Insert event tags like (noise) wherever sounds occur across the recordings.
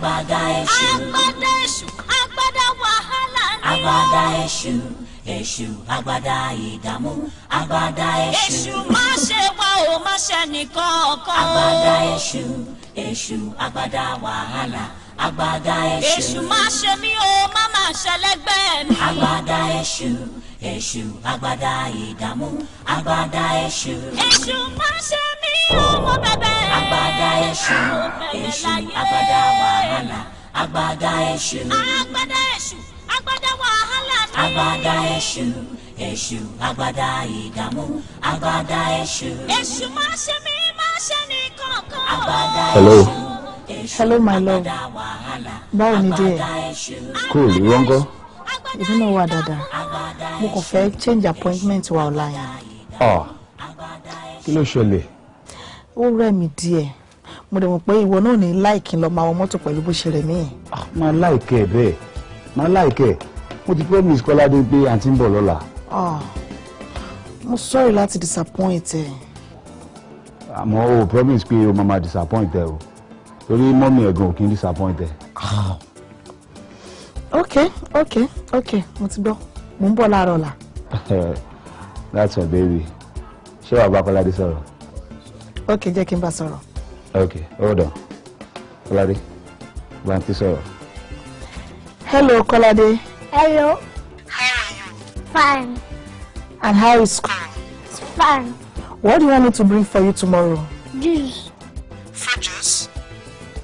agbádá èṣù. agbádá èṣù agbádá wàhálà ni o. agbádá èṣù èṣù agbádá ìdààmú agbádá èṣù. èṣù má ṣe wá o má ṣe nìkan ọkọ. agbádá èṣù èṣù agbádá wàhálà agbada èṣù. èṣù má ṣe mí o má má ṣẹlẹ́gbẹ́ mi. agbada èṣù èṣù agbada ìdààmú agbada èṣù. èṣù má ṣe mí o mo bẹ̀bẹ̀. agbada èṣù èṣù agbada wàhálà agbada èṣù. agbada èṣù agbada wàhálà ni. agbada èṣù èṣù agbada ìdààmú agbada èṣù. èṣù má ṣe mí má ṣe ní kankan. agbada èṣù hello my love báwo ni dé ẹ. kò rí rọ́ngọ́. èmi náà wà dáadáa mo kàn fẹ́ change appointment wa ọ̀la yẹn. ọ ah. kí ló ṣẹlẹ̀. ó rẹ̀ mí díẹ̀ mo dẹ̀ mọ̀ pé ìwọ náà ní láìkí lọ máa wọ mọ́tò pẹ̀lú bó ṣe rẹ̀ mí. Ah, máa láìkẹ́ ẹ̀ bẹ́ẹ̀ máa láìkẹ́ ẹ̀ mo ti promise kọ́ládé pé àǹtí ń bọ̀ lọ́la. Ah. mo sorry láti disappoint ẹ. àmọ́ o promise pé o máa máa disappoint ẹ o torí mọ́mí ẹ̀gàn ò kí n disappoint ẹ. Ah. ok ok ok mo ti gbọ́ mo ń bọ̀ láàárọ̀ ọ̀la. (laughs) that's my baby ṣé wàá bá kọ́ládé sọ̀rọ̀. ok jẹ́ kí n bá sọ̀rọ̀. ok hold on kọ́ládé bá sọ̀rọ̀. hello kọ́ládé. hello. how are you? fine. and how is school? it's fine. what do you want me to bring for you tomorrow? juice. fruit juice.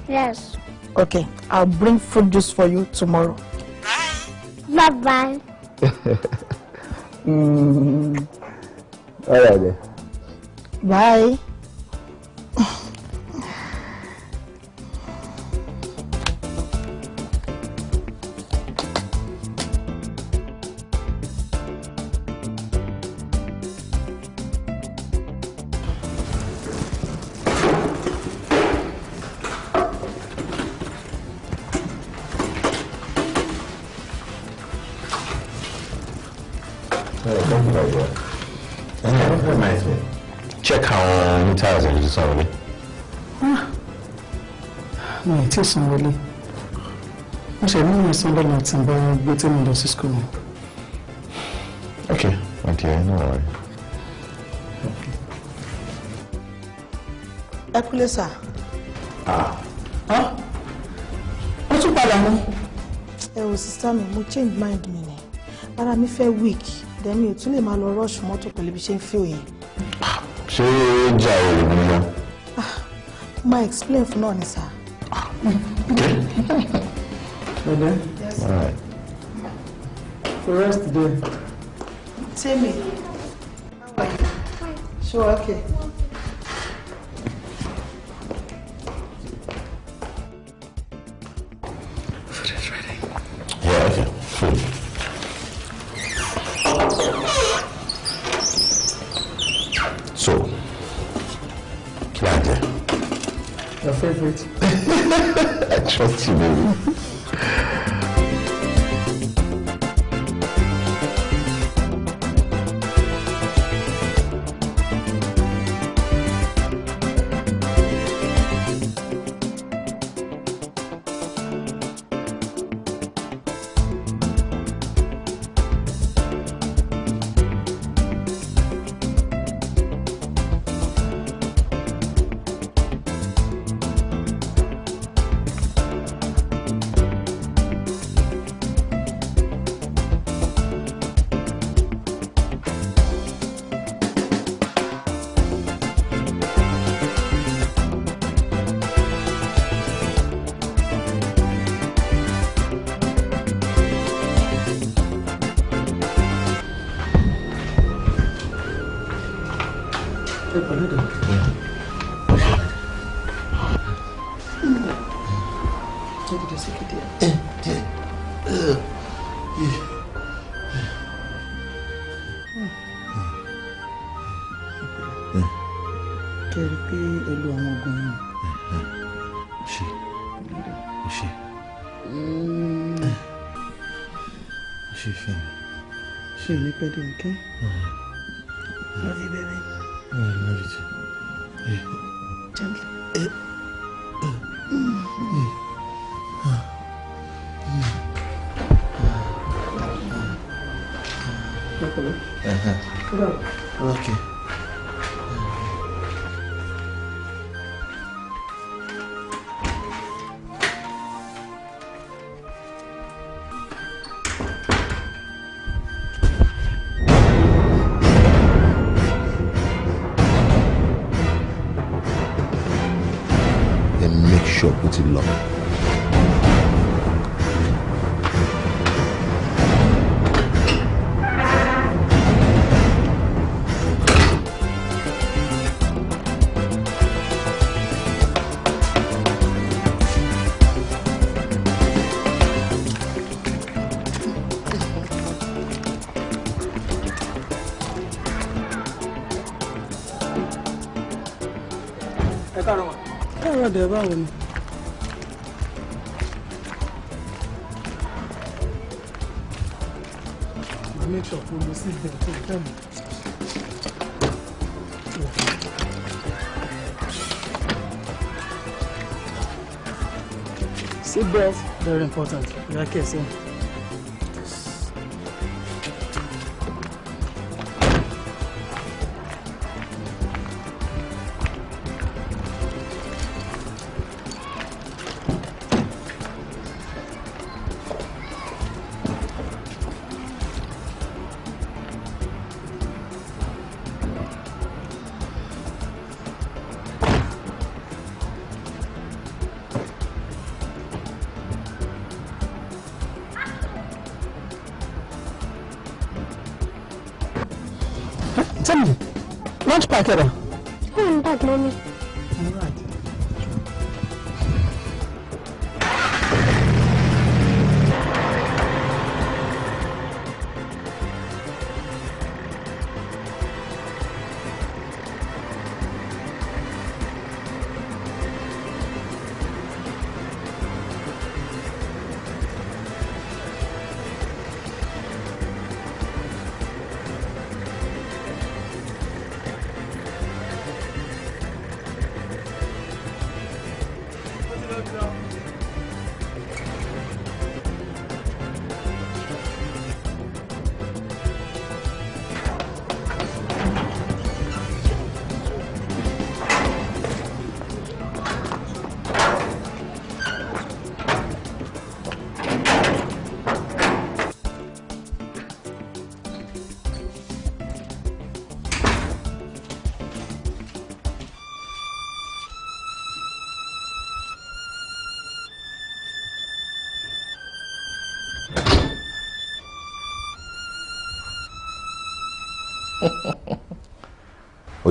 Yes. Okay, I'll bring fruit juice for you tomorrow. Bye bye. (laughs) mm. All right then. Bye. tí ì san wọlé mo ṣe ní ìyẹn san lọ́nà tí n bá gbé tí mo lọ sí school mi. ok my no worry. ẹ kúlẹ̀ sà. ó ah. tún padà mú. ẹ wò sísá mi mo change mind mi ni ara mi fẹ́ weak then mi ò tún lè máa lọ rush mọ́tò pẹ̀lú bí ṣe ń fẹ́ òye. ṣé ó jà olùmúlò. Ah, máa explain fún náà ni sáà. Okay? Yes. All right. The rest day. Tell me. How are you? Sure, okay. trust you, baby. ti lọ. ẹ káàárọ̀ dẹ̀ báwo ni. láti make sure sí ìgbẹ́ tó fẹ́ mọ́. Seatbelt very important. Ìyá kẹ̀sìn. ba ki ba? Ba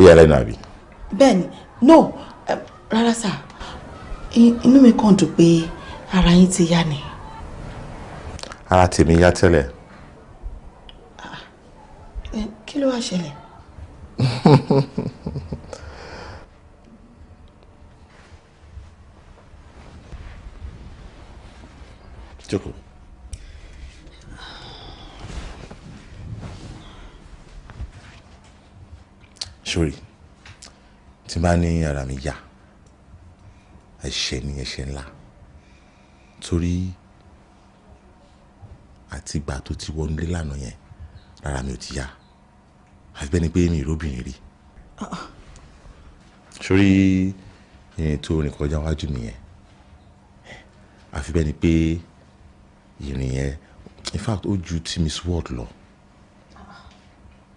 bí ẹlẹ́nu àbí. bẹ́ẹ̀ni no eh, rárá sà inú mi kàn dùn pé ara yín ti yá ni. ara tèmi yá tẹ́lẹ̀ bá ní ara mi yá ẹ̀ṣẹ̀ ni ẹ̀ṣẹ̀ ńlá torí àti ìgbà tó ti wọnú ilé lánàá yẹn ara mi ò ti yá àti ni pé mi ì rí sórí ìrìn tó rìn kọjá wájú mi àfi bẹ́ẹ̀ ni pé ìrìn yẹn in fact ó ju Timmy's word lọ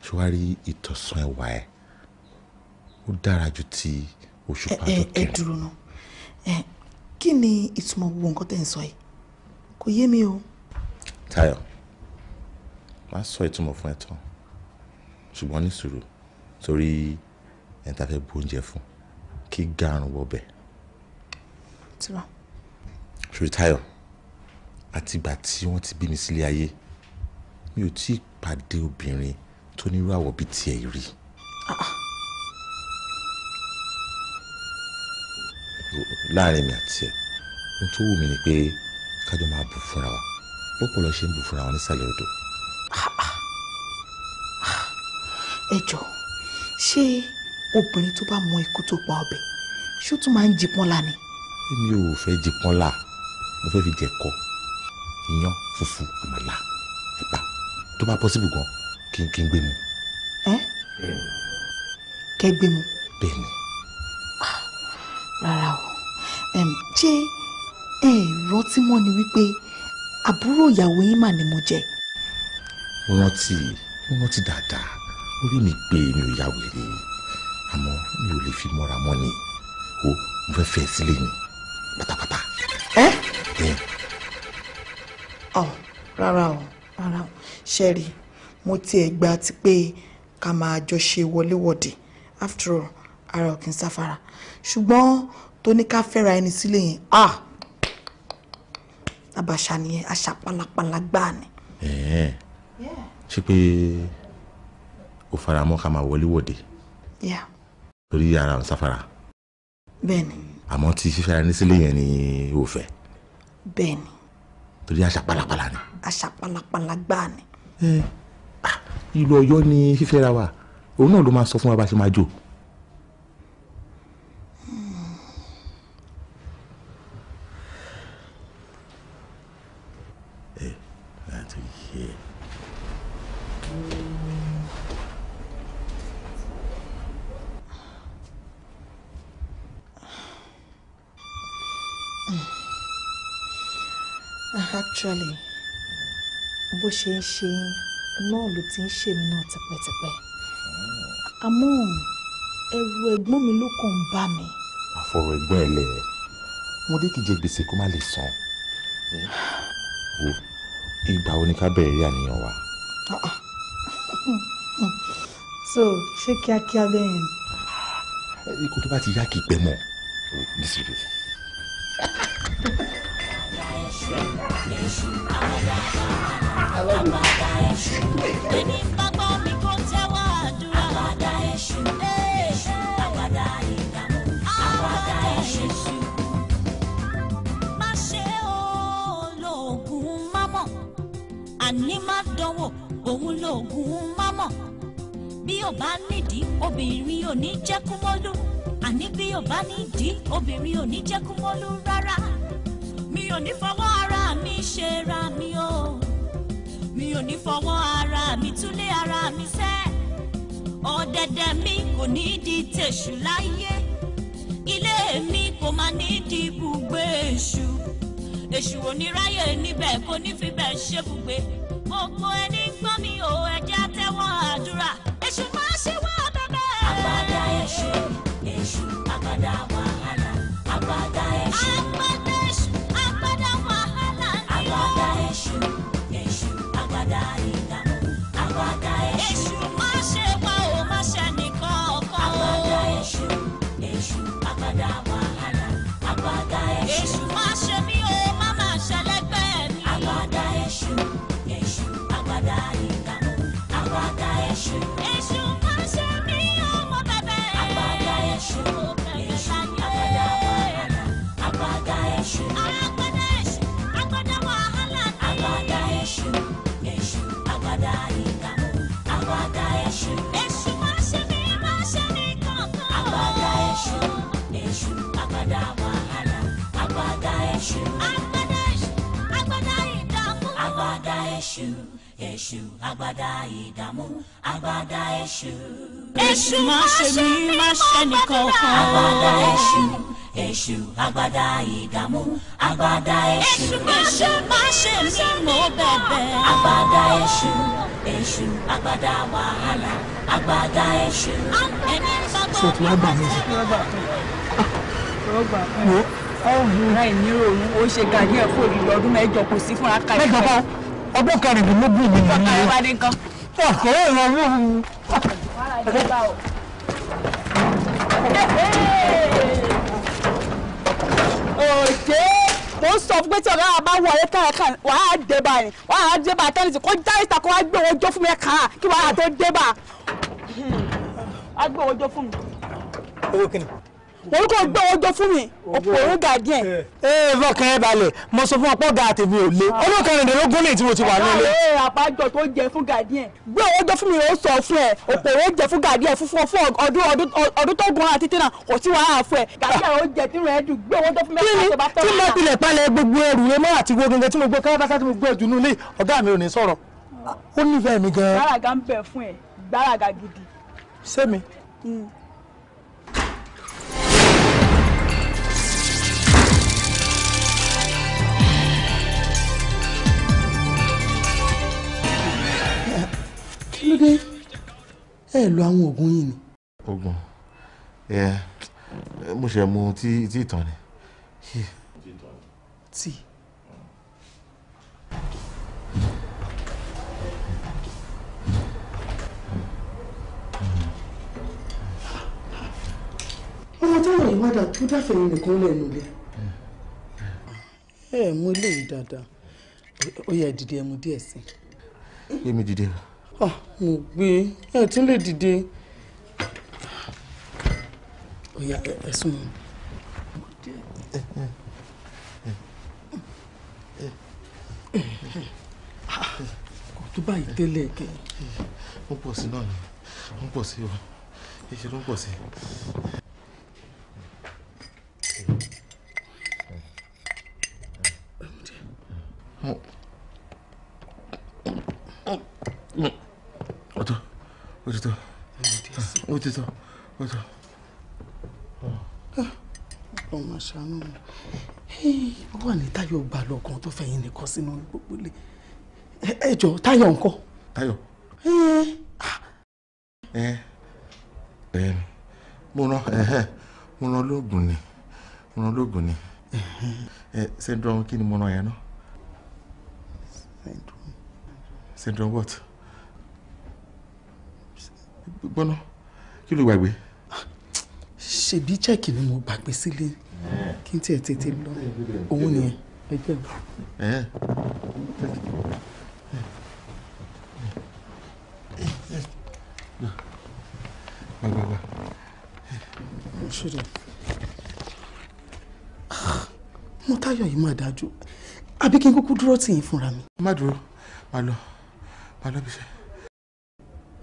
ṣé wàá rí ìtọ̀sán ẹwà ẹ̀ ó dára ju ti òṣùpá tó kẹrin. ẹ ẹ dúró náà ẹ kí ni ìtumọ̀ gbogbo nǹkan tẹ̀ ń sọ yìí kò yé mi o. Táyọ̀ máa sọ ìtumọ̀ fún ẹ tán ṣùgbọ́n ní sùúrù torí ẹ̀ ta fẹ́ bu oúnjẹ fún kí gàrún wọbẹ̀. tiwa. ṣùgbọ́n Táyọ̀ àtìgbà tí wọ́n ti bí mi sílé ayé mi ò tí ì pàdé obìnrin tó nírú àwọ̀ bíi tiẹ̀ rí. ah ah láàrin mi àti ẹ̀ ohun tó wù mí ni pé kájọ máa bù fúnra wa púpọ̀ lọ ṣe ń bù fúnra wa nísàlẹ̀ odò. ẹ jọ ṣé obìnrin tó bá mọ ikú tó pa ọbẹ̀ ṣó tún máa ń jipọ́n la ni. èmi ò fẹ́ jipọ́n la mo fẹ́ fi jẹ̀kọ iyán fufu àmàlà ẹ̀pà tó bá pọ́sibù gan kí n gbé mu. ẹ kẹ gbé mu. bẹ́ẹ̀ rárá o ṣé ẹ rántí mọ́ ni wípé àbúrò ìyàwó yín mà ni mo jẹ́. mo rántí mo rántí dáadáa orí mi pé mi ò yàwó èrè àmọ́ mi ò lè fi mọ́ra mọ́ ni o mo fẹ́ fẹ́ sílé mi pátápátá. ẹ ẹ. ọ rárá o rárá o ṣẹ́ẹ̀rì mo tiẹ̀ gba ti pé ká máa jọ ṣe wọléwọ̀de after all ara ò kì í sáfara ṣùgbọ́n tó ní ká fẹ́ra ẹni sílé yẹn ah àbàṣà nìyẹn àṣà pálapàla gbáà ni. ṣé pé o fara mọ́ ká máa wọléwọ̀de. torí ara ò sáfara. bẹ́ẹ̀ni. àmọ́ tí fífẹ́ra ẹni sílé yẹn ni o fẹ́. bẹ́ẹ̀ni. torí àṣà pálapàla ni. àṣà pálapàla gbáà ni. Ah! ìlú Ọ̀yọ́ ni fífẹ́ra wa òun náà ló máa sọ fún wa bá ṣe máa jò. actually bó ṣe ń ṣe náà ló ti ń ṣe mí náà tipẹ́tipẹ́ àmọ́ ẹrù ẹ̀gbọ́n mi ló kàn ń bà mí. àfọ̀rọ̀ ẹ̀gbọ́n ẹ̀ lẹ̀ mo dé kí jẹ gbèsè kó má lè san wo ìgbà wo ni ká bẹ̀rẹ̀ rí àníyàn wa. (laughs) so ṣé kíákíá bẹ́ẹ̀ ni. ikú tó bá ti yá kì í pẹ́ mọ́ nísìsiyìí àbàdà èṣù ẹni bá gbọ́ mi kó tẹ́wọ́ àdúrà àbàdà èṣù àbàdà ìdààmú àbàdà èṣù. má ṣe olóògùn mámọ̀ àní má dánwò òun lóògùn mámọ̀ bí ò bá nídìí obìnrin ò ní jẹ́ kúmọ́lú àní bí ò bá nídìí obìnrin ò ní jẹ́ kúmọ́lú rárá mi ò ní fọwọ́ ara mi ṣe ra mi o mi ò ní fọwọ́ ara mi túlé ara mi fẹ́ ọ̀dẹ̀dẹ̀ mi kò ní di tèṣù láyé ilé mi kò máa ní di ibùgbé èṣù èṣù ò ní ráyè níbẹ̀ kò ní fi bẹ̀ ṣe bùgbé gbogbo ẹni gbọ́n mi ò ẹ̀jẹ̀ àtẹ́wọ́ àdúrà èṣù máa ṣe wá bẹ́bẹ́. àgbàdá èṣù èṣù àgbàdá wàhálà àgbàdá èṣù. àgbàdá. àwàdà èṣù. èṣù má ṣe mí o má má ṣẹlẹ́gbẹ́ mi. àwàdà èṣù èṣù àwàdà ìkànnì àwàdà èṣù. èṣù má ṣe mí o mo bẹ̀bẹ̀. àwàdà èṣù èṣù àwàdà wàhálà àwàdà èṣù. àgbàdà èṣù àgbàdà wàhálà ni. àwàdà èṣù èṣù àwàdà ìkànnì àwàdà èṣù. èṣù èṣù agbádá wàhálà agbádá èṣù. agbádá èṣù agbádá ìdààmú. agbádá èṣù èṣù agbádá ìdààmú agbádá èṣù. èṣù má ṣe mí má ṣe nìkan kan. agbádá èṣù èṣù agbádá ìdààmú agbádá èṣù. èṣù má ṣe má ṣe mí mo bẹ̀bẹ̀. agbádá èṣù èṣù agbádá wàhálà agbádá èṣù. ẹni bá gbọ́ bí wọ́n ti ń bá rọgbà fún un ọ̀hún náà ìníròyìn ó ṣe gàdí ẹ̀ fún òdìdí ọdún mẹ́jọ mo ń sọ fún pé tí ọ̀gá bá wọ ọ̀rẹ́ káyà kan wà á dé bá yẹn kó jáde ìta kó wá gbé owó jọ fún mi ẹ̀ka kí wà tó dé bá. gbé owó jọ fún mi. owó kìnnìkan wọn kò gbọ́ ọjọ́ fún mi òpòrò ga díẹ̀. ẹ ẹ fọkàn ẹ balẹ̀ mo sọ fún ọ pọ̀ ga àtẹ̀bí ò lé ah. ọdún kẹrìndínlógún lè tí mo ti wà nílé. ọ̀gá ẹ àpájọ tó jẹ fún ga díẹ̀ gbé ọjọ́ fún mi ó sọ fún ẹ òpòrò jẹ fún ga díẹ̀ fún fún ọdún ọdún tó gun àti tẹ́nà kò sí wàhálà fún ẹ. gàdí àwọn oúnjẹ tí rẹ̀ dùn gbé ọjọ́ fún mi ẹ̀ tí mo tilẹ̀ palẹ̀ gbogbo kí ló dé ẹ lo àwọn oògùn yìí ni. oògùn ẹ mo ṣe mu tí tí ìtàn ni. tí. ọmọ táwọn ìwádà tó dáfẹ̀yìn nìkan lẹ́nu lẹ. ẹ mú eléyìí dáadáa ó yẹ dìde ẹ mú díẹ̀ sí. yé mi dìde o. Ah, mo gbé ẹ tún lè dìde oya ẹsùn mi. kò tó báyìí tẹ́lẹ̀ kẹ́. ó pọ̀ sí náà ni ó pọ̀ sí o ìṣe ló ń pọ̀ sí. Mm-hmm. 어디서? 어디서? 어디서? ọmọ ṣàánú wà ní Táyọ̀ gbà lọ́gàn tó fẹ̀yìn nìkan sínú gbogbo ilé ẹ jọ Táyọ̀ ńkọ́. Táyọ̀. ẹ ẹ mo ràn ẹ mo ràn lóògùn ni mo ràn lóògùn ni ẹ syndrome kí ni mo ràn yẹn náà. syndrome. syndrome what gbọ́ná kí ló gbàgbé. ṣèbí chẹ́ẹ̀kì ni mo gbàgbé sílé kí n tiẹ̀ tètè lọ òun nìyẹn ẹ jẹ́ o. Baba. Ṣèdè. Mo táyọ̀ yìí máa dájú. Àbí kí n kúkú dúró tì yín fúnra mi. Má dúró, má lọ, má lọ bí ṣe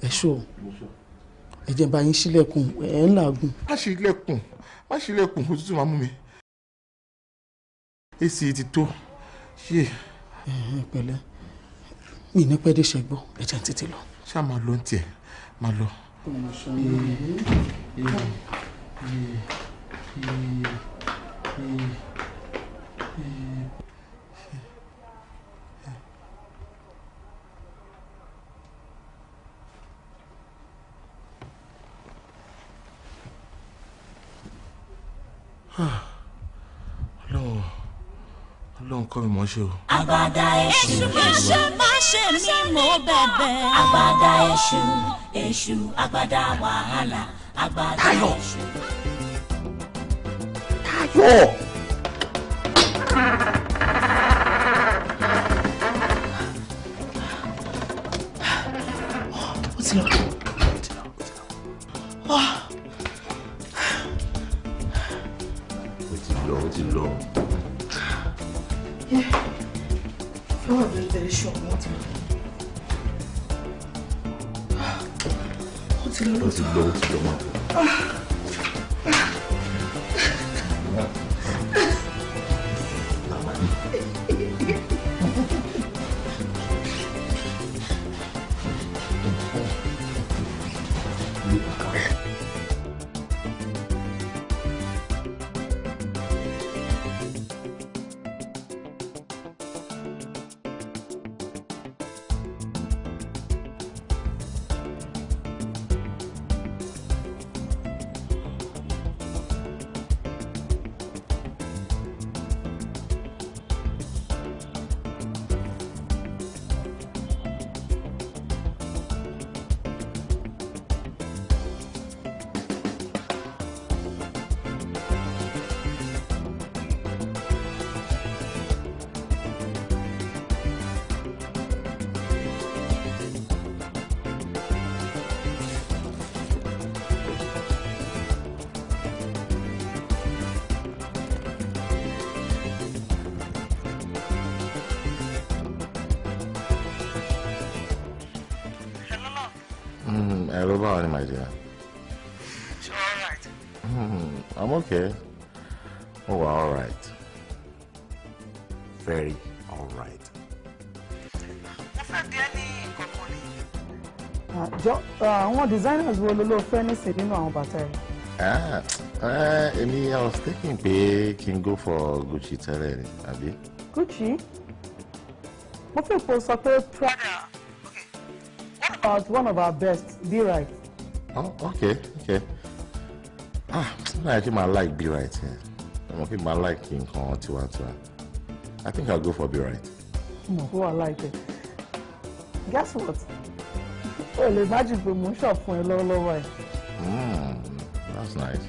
ẹ ṣó ẹ jẹ́ bá yín ṣílẹ̀kùn ẹ̀ ń làágùn. má ṣílẹ̀kùn má ṣílẹ̀kùn kó tútù máa mú mi èsì ti tó ṣe. pẹ̀lẹ́ mi ní pẹ́ dé ṣẹ́gbọ́ ẹ jẹ́ n lọ. ṣá máa lọ tiẹ̀ máa lọ. Yeah. ọlọ́run ọlọ́run kọ́ mi mọ̀ ṣe o. àgbàdà èṣù èṣù má ṣe mí mò bẹ̀bẹ̀. àgbàdà èṣù èṣù àgbàdà wàhálà àgbàdà èṣù. Táyọ̀ Táyọ̀. designers wo ló ló fẹ́ nísìn nínú àwọn bàtà rẹ̀. Ah, eh, èmi i was thinking pé kí go for Gucci tẹ́lẹ̀ ni àbí. Gucci mo fẹ́ kó sọ pé Prada what about one of our best be right. Oh, okay okay ah I think I like be right here yeah. I like I like nǹkan tiwantiwa I think I'll go for be right. mo like it? guess what o lè má jù pé mo ń ṣọ̀ fún ẹ hmm, that's nice.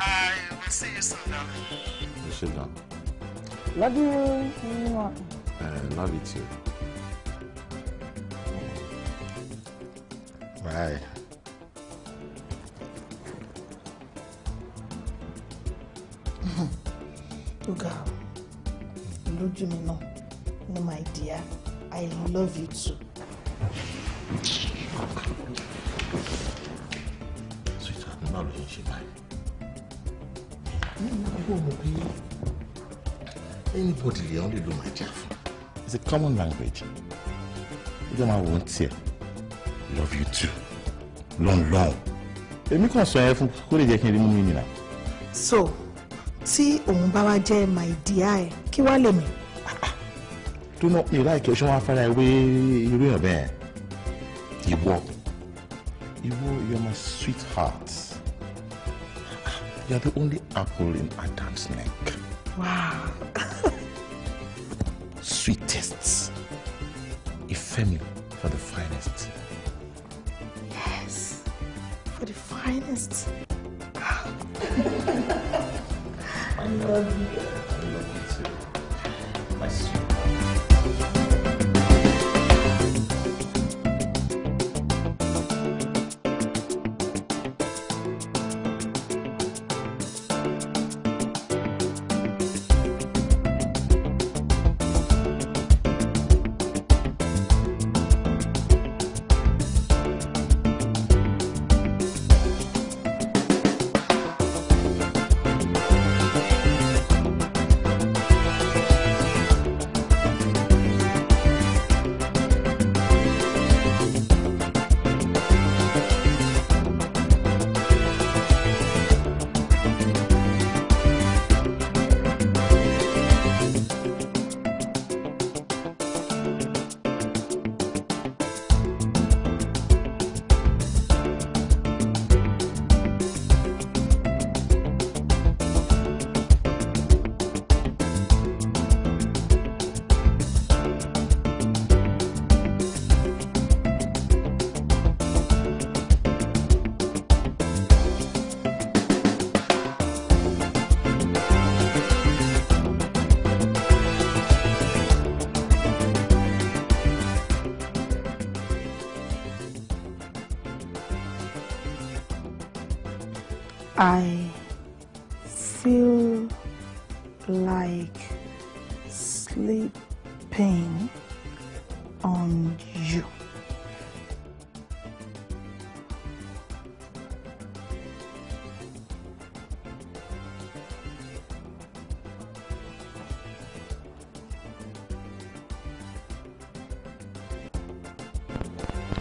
I will see you soon, darling. You should, darling. Love you. Uh, love you too. Bye. (laughs) Look out. Ah, lójú mi náà, no oh my dear. I love you too. Sweetheart, náà ló ń ṣe báyìí. anybody lè ọ́n lè lo màá It's a common language. Ìjọba máa wò ó tiẹ̀. Love you too. Lọ́nlọ́n. Èmi So, see, òun bá my dear ẹ̀, kí tó náà ìlà ìkẹsọ wọn afárá ìwé irú èèyàn bẹ́ẹ̀ ìwọ ìwọ you're my sweetheart you're the only apple in Adam's neck. Wow. (laughs) sweetest ìfẹ́ mi for the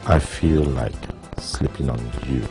I feel like sleeping on you.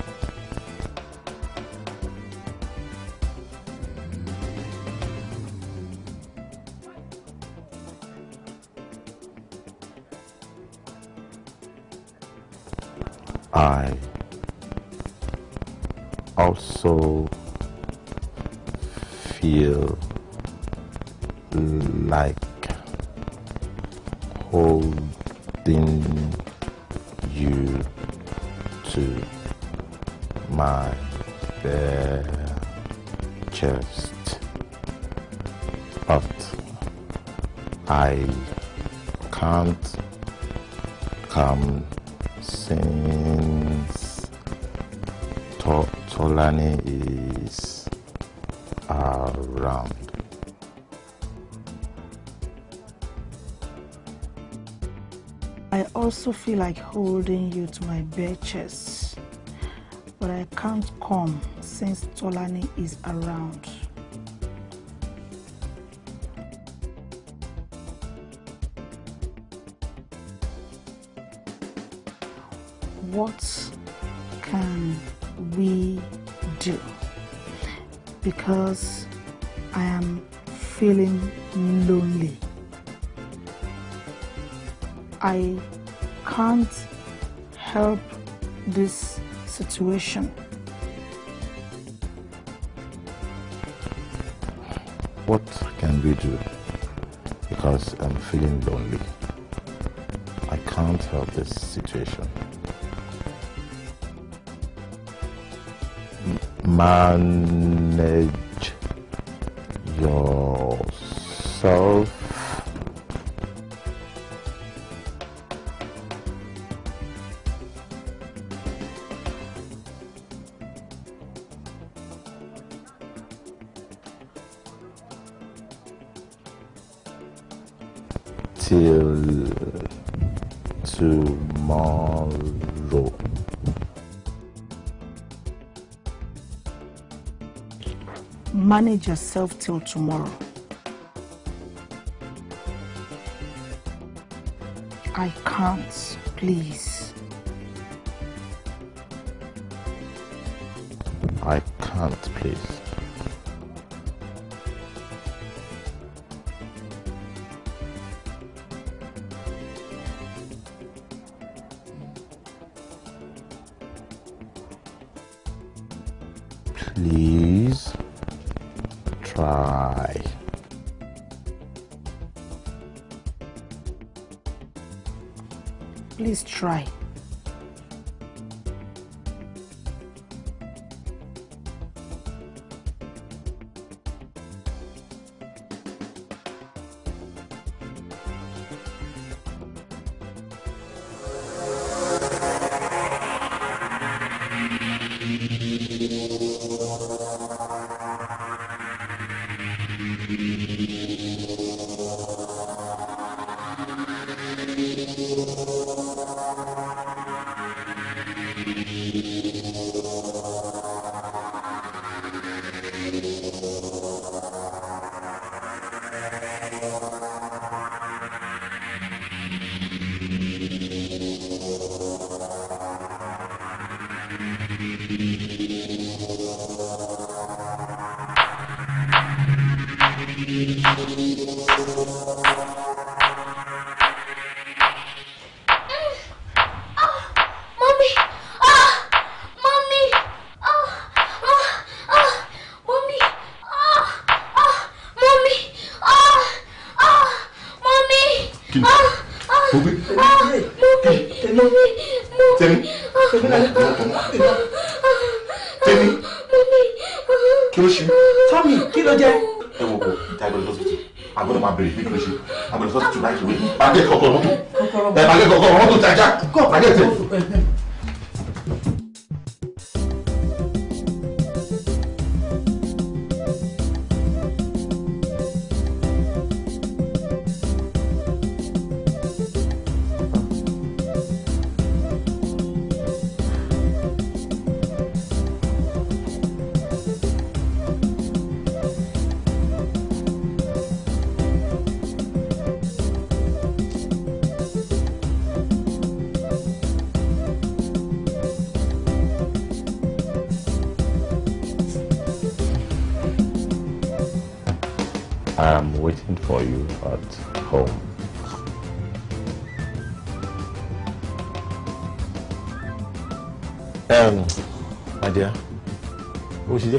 also feel like holding you to my bare chest, but I can't come since Tolani is around. intuition. What can we do? Because I'm feeling lonely. I can't help this situation. manage manage yourself till tomorrow. I can't, please. Please try.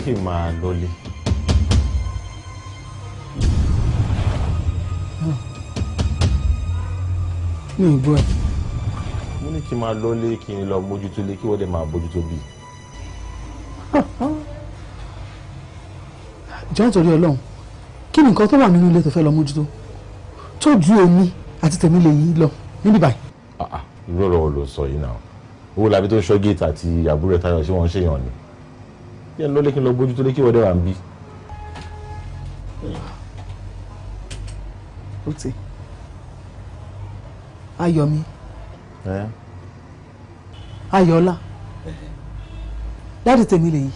kì í máa lọlé. mi ò gbọ́ ẹ. mo ní kí n máa lọlé kí n lọ mójútó lé kí wọ́n dẹ̀ máa bójútó bí. jọ̀ọ́ torí ọlọ́run kí ni nǹkan tó wà nínú ilé tó fẹ́ lọ mójútó tó ju èmi àti tèmi lè yí lọ níbí báyìí. Ah, ah, irú ọ̀rọ̀ wo ló sọ yìí náà owó làbí tó ń ṣọ́ géètì àti àbúrò ẹ̀ táyọ̀ ṣé wọ́n ń ṣèyàn ni kí ẹ lọ́lé kí n lọ gbójú tó lé kí wọ́n dẹ̀ wà ń bí. ó ti ayọ̀mí ayọ̀ọ́lá dáàdì tèmi lèyí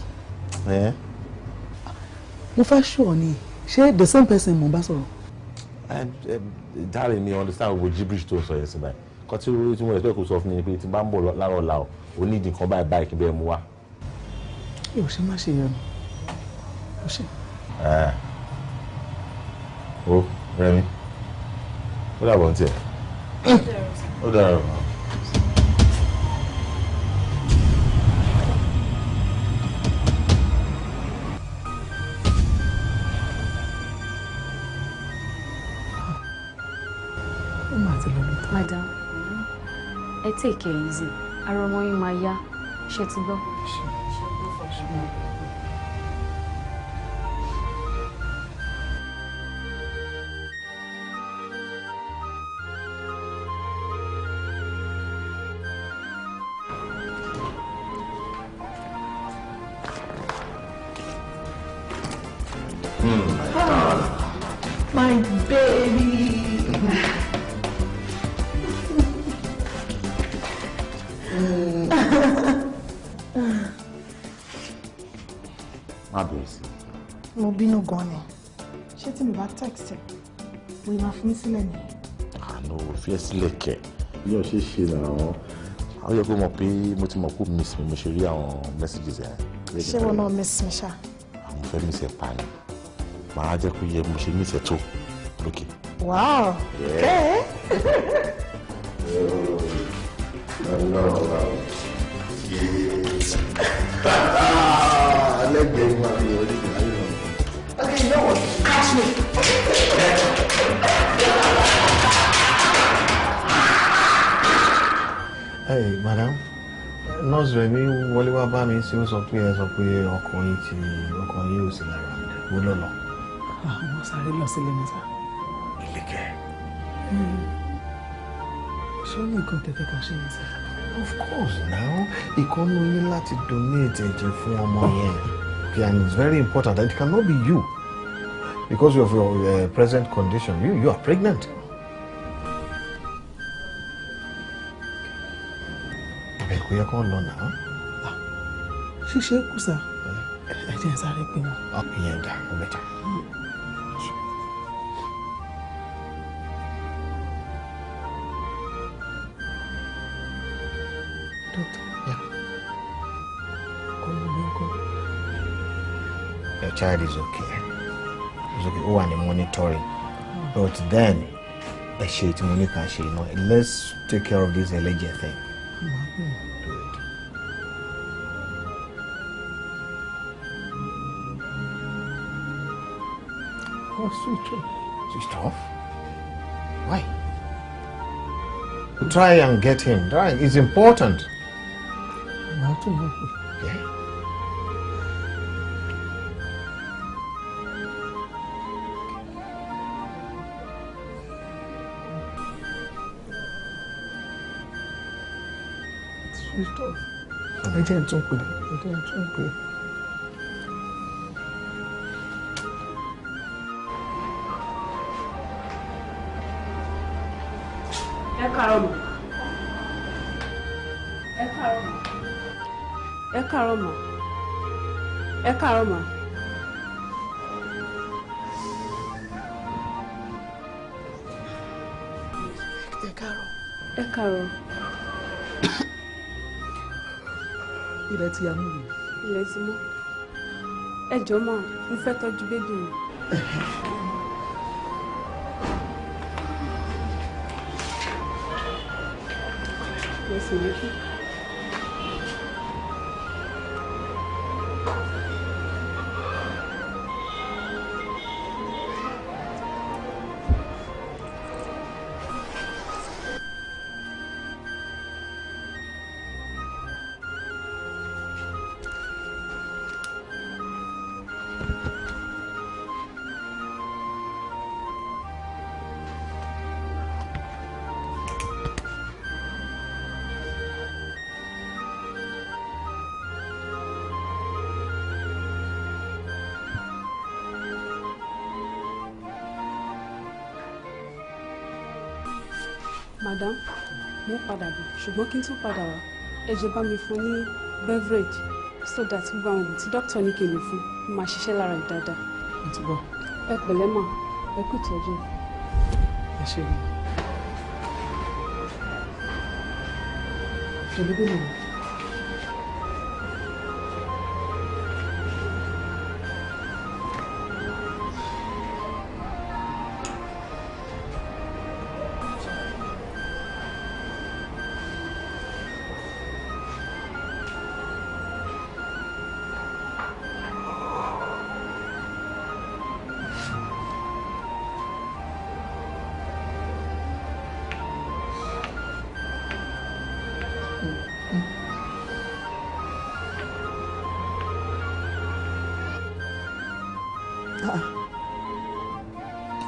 mo fẹ́ ṣọ́ ni ṣé the same person mo bá sọ̀rọ̀. darling, mi understand gbogbo gibberish tó sọ yẹn sí báyìí kọtí tí mo respect kò sọ fún mi pé tí bá ń bọ̀ láàárọ̀ làwọn onídìí kan báyìí báyìí kí bẹ́ẹ̀ mú wá ṣé o ṣe má ṣe yẹnu o ṣe. o Rẹ̀mí ó dàbọ̀ ní tiẹ̀ ó dàrọ̀ ọ́. take it easy. I remember you, máa yá. Ṣé ti gbọ́? Ṣé. text ẹ̀ mo máa fi mí sílẹ̀ nìyẹn. àná ah, òfi ẹ sílẹ̀ kẹ bí wọn ṣe ṣe nà án wọn yẹ kó mọ̀ pé mo ti mọ̀ kó miss mi mo ṣe rí àwọn messages ẹ. ṣé wọn náà miss mi ṣá. àwọn ah, fẹ́ miss ẹ pa ni màá jẹ́ kó yẹ mo ṣe miss ẹ tó lókè. wow (laughs) ah, Okay, you know what? Hey, madam. Nurse Remi wọlé wá bá mi sí ó sọ pé ẹ sọ pé ọkùnrin ti ọkùnrin yóò sí lára wo ló lọ. Àwọn ah, sáré lọ sílé mi sá. Ilé kẹ́. Hmm. Ṣé ó ní nǹkan tẹ̀fẹ́ ká ṣe ní sá? Of course now, ìkọ́nú yín láti donate ẹ̀jẹ̀ fún ọmọ yẹn. And it's very important that it cannot be you because of your uh, present condition, you, you are pregnant. Ẹ kò yẹ kó lọ náà. Ṣíṣe kù sá, ẹ jẹ́ sáré pé wọn. Ìyẹn dà, ó bẹ̀tà. Dókítà. Your child is okay. huwa ni monitoring but then a shit Monica. She ní iná let's take care of this ẹlẹ́jẹ̀ thing. Oh, switch off. Switch off? Why? Try and get him. Try. It's important. Yeah. ẹ jẹ́ ń ẹ jẹ́ ń ẹ kàárọ̀ mọ́ ẹ kàárọ̀ mọ́ ilẹ̀ ti yà mú mi. ilẹ̀ ti mọ́ ẹ jọ mọ mo fẹ́ tọ́jú bébì mi. Yes, ṣùgbọ́n kí n tó padà wá ẹ bá mi fún ní beverage so that gbogbo àwọn oògùn tí dókítà ní kèmí fún máa ṣiṣẹ́ lára ẹ̀ dáadáa. ẹ ti bọ. ẹ pẹ̀lẹ́ mà ẹ kú ìtọ́jú. ẹ ṣe é. ṣèlú bí mo mọ̀.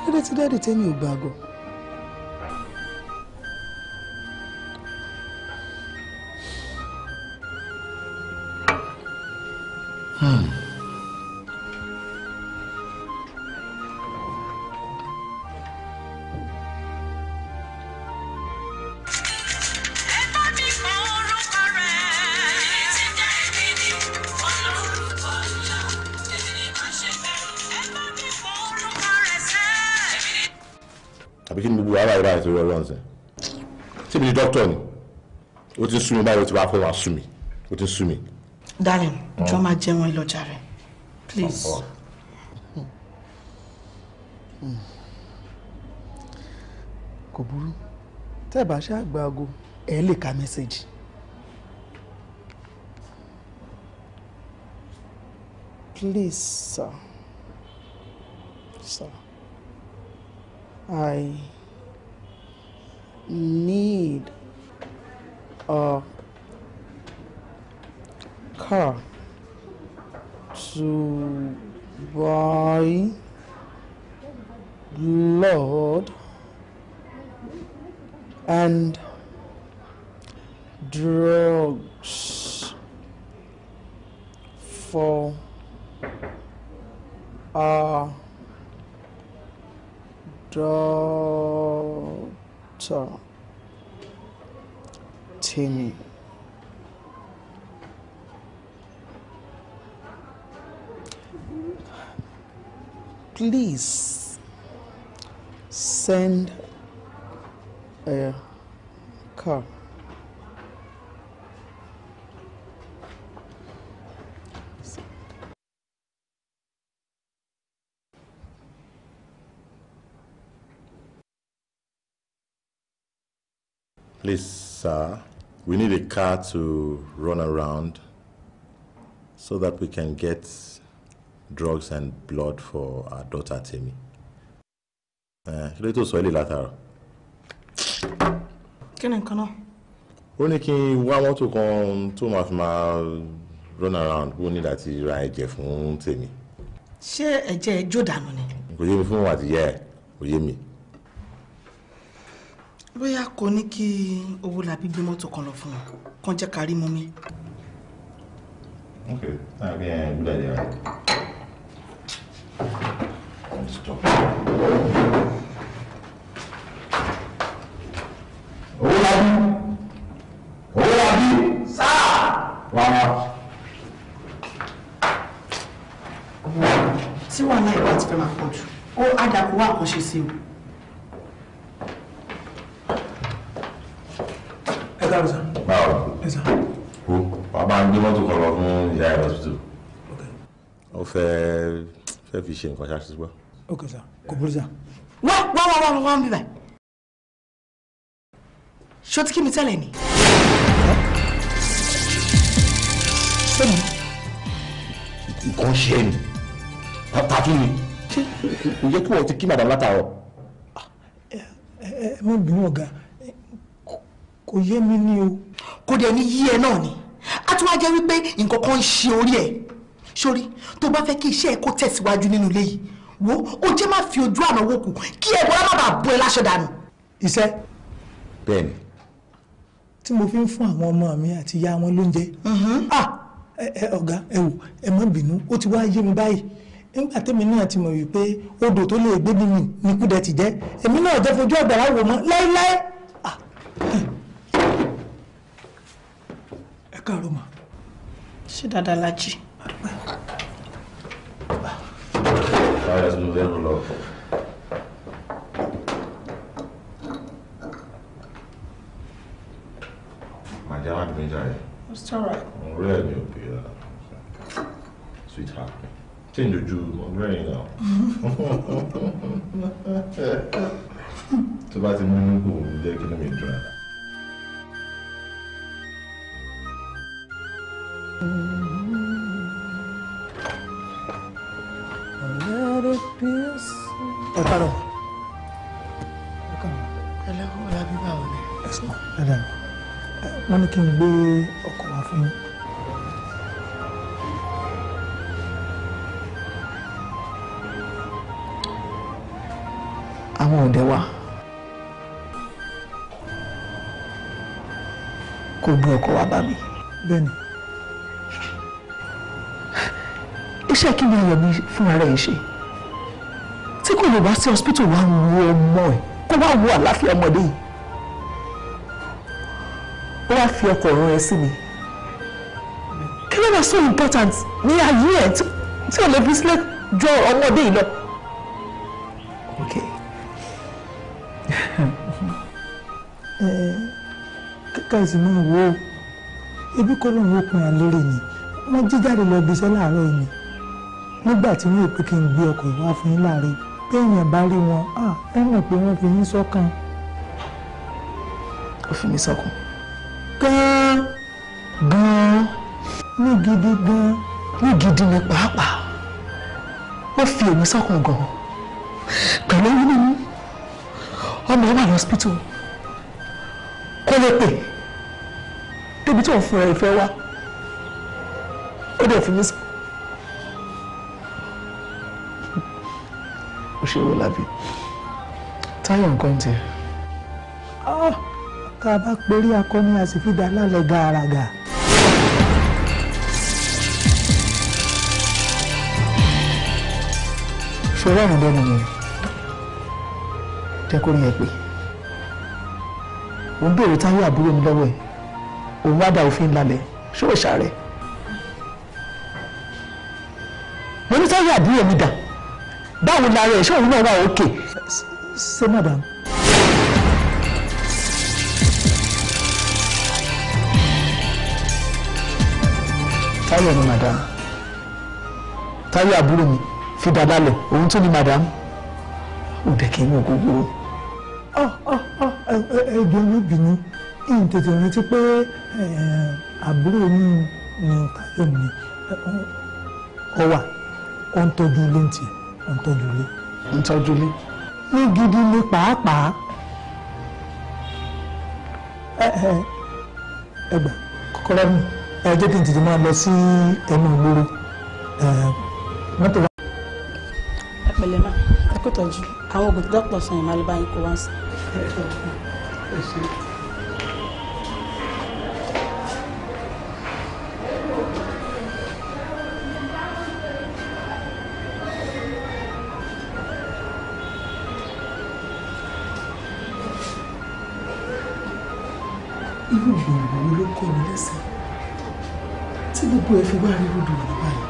kí ló dé tí dáàdì tẹ́mi ò gbàgọ́. ti sú báyìí ló ti bá fẹ́ wá sú mi ti sú mi. darling jọ máa jẹun ìlọjà rẹ please. kò burú tẹ́ ẹ bá ṣe àgbà ago ẹ lè ka mẹ́sẹ̀gì. please sir sir i need a car to buy Lord and drugs for a daughter continue. Please send a car. Please, sir. We need a car to run around so that we can get drugs and blood for our daughter Temi. Eh, kí ló tó sọ ilé látara? Kí ni nǹkan náà? Ó want to n wá mọ́tò kan run around bó ní láti ra ẹ̀jẹ̀ fún Temi. Ṣé ẹ̀jẹ̀ ẹ̀ jó dànù ni? Kò yé mi fún àtìyẹ́ ẹ̀, kò yé mi bóyá kò ní kí owó làbí gbé mọ́tò kan lọ fún un kàn jẹ́ ká rí okay i be a good idea. owó làbí owó làbí sáà wàhálà. tí wàhálà ìgbà ti fẹ́ máa pọ̀ jù ó àdàkùn wà kàn ṣe sí o. gbé mọ́tò kan lọ fún ìyá ẹ̀ hospital. ó fẹ́ fẹ́ fi ṣe nǹkan ṣáṣí gbọ́. ok sir kò burú sir. wá wá wá wá wá ń bíbá ṣó tí kí mi tẹ́lẹ̀ ni. sẹ́nu. nǹkan ṣe ni tàbí ni kò yẹ kí wọ́n ti kí màdàm látàárọ̀. ẹ ẹ mọ bínú ọ̀gá kò yé mi ní o. kò dẹ̀ ní yí ẹ náà ni á tún wá jẹ́ wípé nǹkan kan ń ṣe orí ẹ̀ sórí tó bá fẹ́ kí iṣẹ́ ẹ kó tẹ̀síwájú nínú ilé yìí wo ó jẹ́ má fi ojú àná wò kù kí ẹ bọ́lá má bàa bọ́ ẹ láṣọ dànù. iṣẹ́. bẹ́ẹ̀ni. tí mo fi ń fún àwọn ọmọ mi àti ìyá wọn lóúnjẹ. Mm-hmm. ọ̀gá ẹ wò ẹ má bínú ó ti wá yé mi báyìí nígbà tẹ́mi náà ti mọ̀ wípé odò tó lè gbé mi nì ti jẹ́ èmi náà jẹ́ fojú ọ̀gbàrá wò mọ́ láéláé káàárọ̀ mà. ṣé dáadáa la jí. báyọ̀ tí mo fẹ́ rún lọ. màjá wà ní méjà rẹ̀. it's alright. ọ̀rẹ́ ẹ̀ mi ò pè é rárá sweetheart tí ń dojú ọ̀rẹ́ yìí Ọ̀kadà. Ẹlẹ́kùn ọ̀la bíbá wọn ni. Ẹ̀sùn ẹ̀dá wọ́n ní kí n gbé ọkọ̀ wá fún yín. Àwọn òde wa kò gbé ọkọ̀ Bẹ́ẹ̀ni. iṣẹ́ kí ni Ayọ̀mí fún ara ẹ̀ ṣe tí kò lè wá sí hospital wá wo ọmọ ẹ̀ kó wá wo àlàáfíà ọmọdé yìí ó wá fi ọkọ̀ ọ̀rọ̀ ẹ sí mi kí ló máa so important ní ayé ẹ̀ tí ò lè fi sílẹ̀ jọ ọmọdé yìí lọ. okay kíkà ìsìnkú wo ebi kọ́ ló ń wọ́pin àlérè ni wọ́n jí jáde lọ bí iṣẹ́ láàárọ̀ yìí nígbà tí wọ́n pè kí n gbé ọkọ̀ ìwá fún yín láàrin pé èèyàn bá rí wọn ẹ mọ̀ pé wọ́n fi yín sọ́kàn. ó fi mí sọ́kàn. gan-an gan-an ní gidi gan-an ní gidi ni pàápàá ó fi èmi sọ́kàn gan-an pẹ̀lú oyún nínú ọmọ wà lọ́sípítù kó lè pè débi tí òun fúnra ẹ̀ fẹ́ wá ó dẹ̀ fi mí sọ́kàn. ṣòro làbí táyọ̀ nǹkan tiẹ̀. Ah, tá a bá perí akọni àsìfídà lálẹ́ gàràgà. ṣòro àrùn dẹ́nu yẹn jẹ́ kó ní ẹ pé òun béèrè táyọ̀ àbúrò mi lọ́wọ́ ẹ̀ òun wá da òfin lálẹ́ ṣó o ṣàárẹ̀ mo ní táyọ̀ àbúrò mi dà báwo lára ẹ̀ ṣé òun náà wà òkè ṣé madam. táyọ̀ ni madam táyọ̀ àbúrò mi fi dada lẹ̀ òun tó ni madam ò dẹ̀ kí n mú gbogbo. ẹgbẹ́ mi bínú ìyìn tètè rántí pé àbúrò mi ni táyọ̀ mi ọ wà ó ń tọ́jú ilé ń tiẹ̀ ó ń tọ́jú ilé. ó ní gidi ni pàápàá ẹ ẹ ẹ gbà kọ́kọ́rọ́ mi ẹ jẹ́ kí n tètè máa lọ sí ẹnu ìgboro ẹ mọ́tò wa. ẹ pẹ̀lẹ́ máa ẹ kò tọ́jú àwọn oògùn tí dókítà sọ yìí máa lè bá yín kó wá sí. ẹ ló ẹ fi wá rí rúdù rúdù báyìí.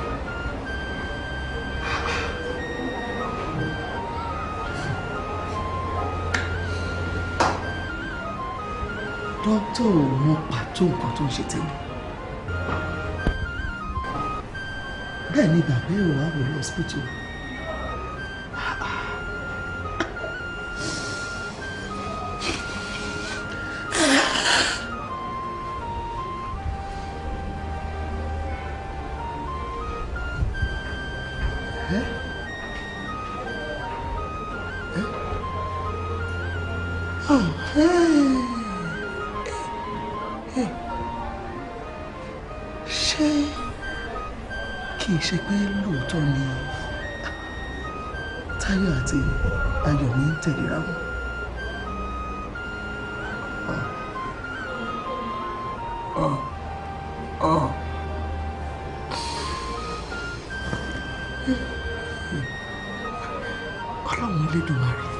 dókítà ò mọ pàtó nǹkan tó ń ṣe tẹ́lẹ̀. bẹ́ẹ̀ ni bàbá ẹ̀ wà wò lọ́sibítù. only to worry.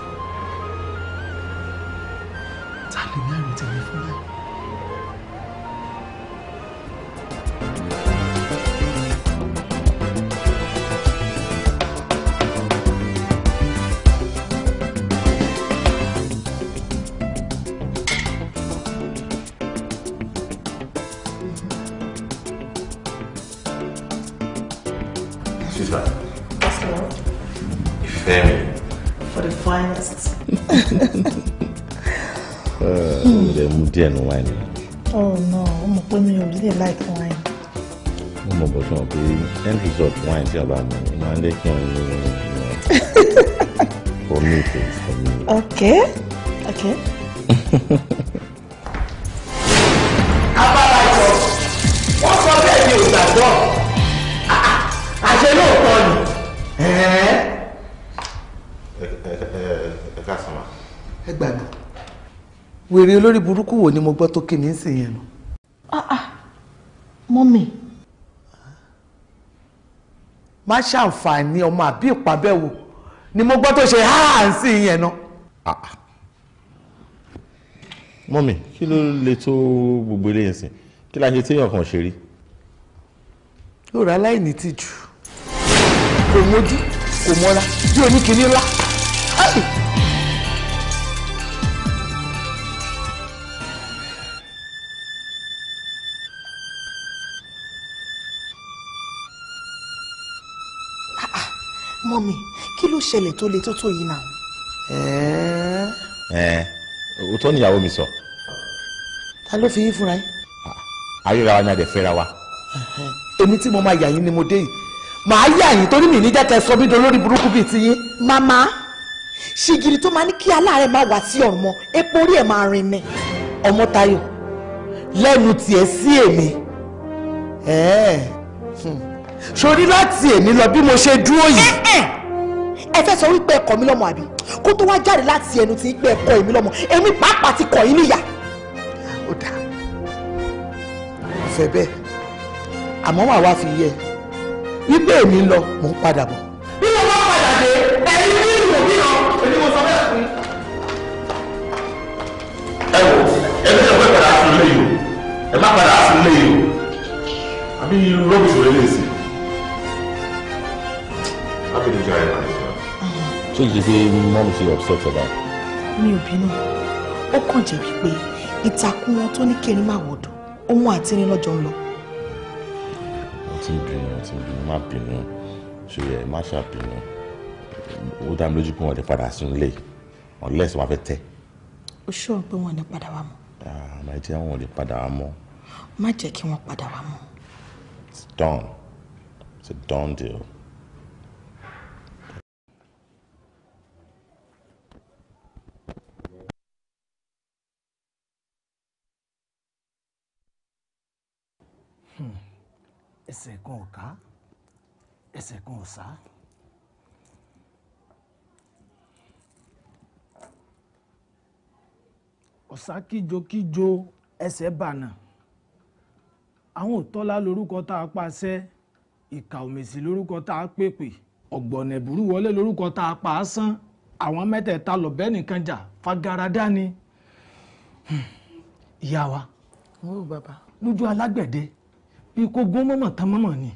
díẹ̀ nu wáìnì. oh no ó mọ̀ pé mi ò lè like wine. mo mọ̀ bọ̀ sọ pé end result wine tí a bá mi ó máa ń lé kí wọ́n ní (laughs) for me for me. okay okay. wèrè olórí burúkú wo ni mo gbọ́ tó kí mi ń sìn yẹn nù. ah ah mọ́mì. má ṣàǹfààní ọmọ àbí ìpàbẹ̀wò ni mo gbọ́ tó ṣe háà ń sìn yẹn nù. ah ah mọ́mì kí ló lè tó gbogbo eléyìí sìn kí la ṣe téèyàn kan ṣe rí. yóò rà láì ní tìjú kò mójú kò mọ́ra bí oníkìíní ńlá. mọ́ mi kí ló ṣẹlẹ̀ tó le tó tó yìí náà. ẹ ẹ òótọ́ níyàwó mi sọ. ta ló fi yín fúnra yín. ayọ̀ra wa ni a dẹ̀ fẹ́ra wa. èmi tí mo máa yà yín ni mo dé yìí màá yà yín torí mi níjẹ́ kẹ́ sọ mí dán lórí burúkú bíi ti yín. màmá ṣìgìrì tó máa ní kí aláàárẹ̀ máa wà sí ọ̀run mọ́ epo orí ẹ̀ máa rin ni. ọmọ Táyọ̀ lẹ́nu tiẹ̀ sí èmi. ẹ̀ẹ́ sori láti èmi lọ bí mo ṣe dúró yìí. Eh, eh. ẹ fẹ́ sọ wípé ẹ̀kọ́ mi lọ́mọ àbí kó tó wá jáde láti ẹnu ti pé ẹ̀kọ́ èmi lọ́mọ èmi pàápàá ti kọ̀ yín níyà. ó dáa fẹ́ bẹ́ẹ̀ àmọ́ wàá wá fi yẹ wípé èmi lọ mò ń padà bọ̀. bí mo bá padà dé ẹ̀yin ní ìlú òbí lọ èmi mo sọ bẹ́ẹ̀ fún yín. ẹ wò ẹni tí wọn fẹ́ padà sí ilé yìí ẹ má padà sí ilé yìí o àbí rọ́bìtì rẹ lè sìn. 아끼는 줄 알고 안 했어요. ṣé kìí ṣe mọ́mù ṣe upset ọ̀la. mi ò bínú ó kàn jẹ́ wípé ìtàkùn wọn tó ní kẹrin máa wọ̀dọ̀ òun àti ní lọ́jọ́ ń lọ. mo ti ń bínú mo ti ń bínú má bínú ṣòyẹ má ṣàbínú ó dá mi unless wọn fẹ́ tẹ. o ṣọ́ pé wọn lè padà wá mọ́. àmọ́ ẹjẹ́ wọn lè padà wá mọ́. má jẹ́ kí wọ́n it's done it's a done deal. ẹsẹ̀ kan ò ká ẹsẹ̀ kan ò sá. ọ̀sá kíjokíjo ẹsẹ̀ bànà àwọn òtọ́lá lórúkọ tá a pàṣẹ ìkà òmèsì lórúkọ tá a pèpè ọ̀gbọ̀nà ìbúrú wọlé lórúkọ tá a pa á sán àwọn mẹ́tẹ̀ẹ̀ta lọ̀bẹ́ nìkan jà fagarada ni hmm, ìyá wa. ó bàbá. lójú alágbẹ̀dẹ bí kò gún mọ́mọ́ tán mọ́mọ́ ni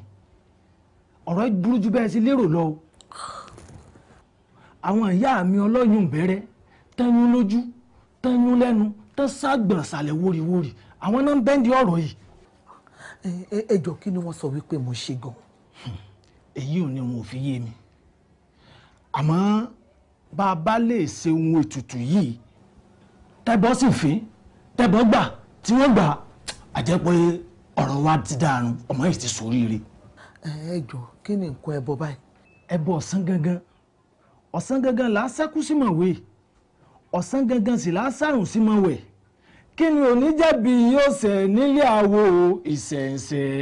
ọ̀rọ̀ burú ju bẹ́ẹ̀ sí lérò lọ àwọn ìyá mi ọlọ́yún bẹ̀rẹ̀ tẹ́yún lójú tẹ́yún lẹ́nu tẹ́ ságbọ̀n sàlẹ̀ wóríwórí àwọn náà ń bẹ́ndì ọ̀rọ̀ yìí. ẹ jọ kí ni wọ́n sọ wípé mo ṣe gan. èyí ò ní wọn ò fi yé mi àmọ́ bá a bá lè ṣe ohun ètùtù yìí tẹ́bọ́ sì fín tẹ́bọ́ gbà tí wọ́n gbà àjẹpọ̀ yẹn. ọ̀rọ̀ wa ti dànù ọmọ yìí ti ṣoríire. ẹ jọ kí ni nǹkan ẹbọ báyìí. ẹbọ ọ̀sán gangan ọ̀sán gangan là á sẹ́kù sí ọ̀sán gangan sì là á sàrùn sí mọ̀wẹ̀ kí ni oníjẹ̀bi yóò ṣẹ̀ nílé àwo ìṣẹ̀ǹṣẹ̀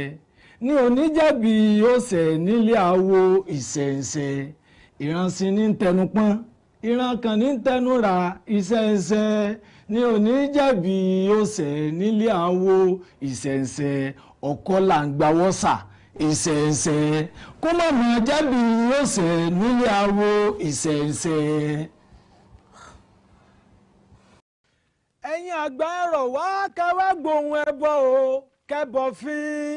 ní oníjẹ̀bi yóò ṣẹ̀ nílé àwo ìṣẹ̀ǹṣẹ̀ ìránṣin ní tẹnupọ́n ìran kan ní tẹnura ìṣẹ̀ǹṣẹ̀ ní oníjàbí ọ̀sẹ̀ nílé àwo ìṣẹ̀ǹṣẹ̀ ọ̀kọ́ là ń gbawọ́ sà ìṣẹ̀ǹṣẹ̀ kó má má ọ̀sẹ̀ nílé àwo ìṣẹ̀ǹṣẹ̀. ẹ̀yin àgbà ẹ̀rọ wá kẹwà gbóhùn ẹbọ o kẹbọ fín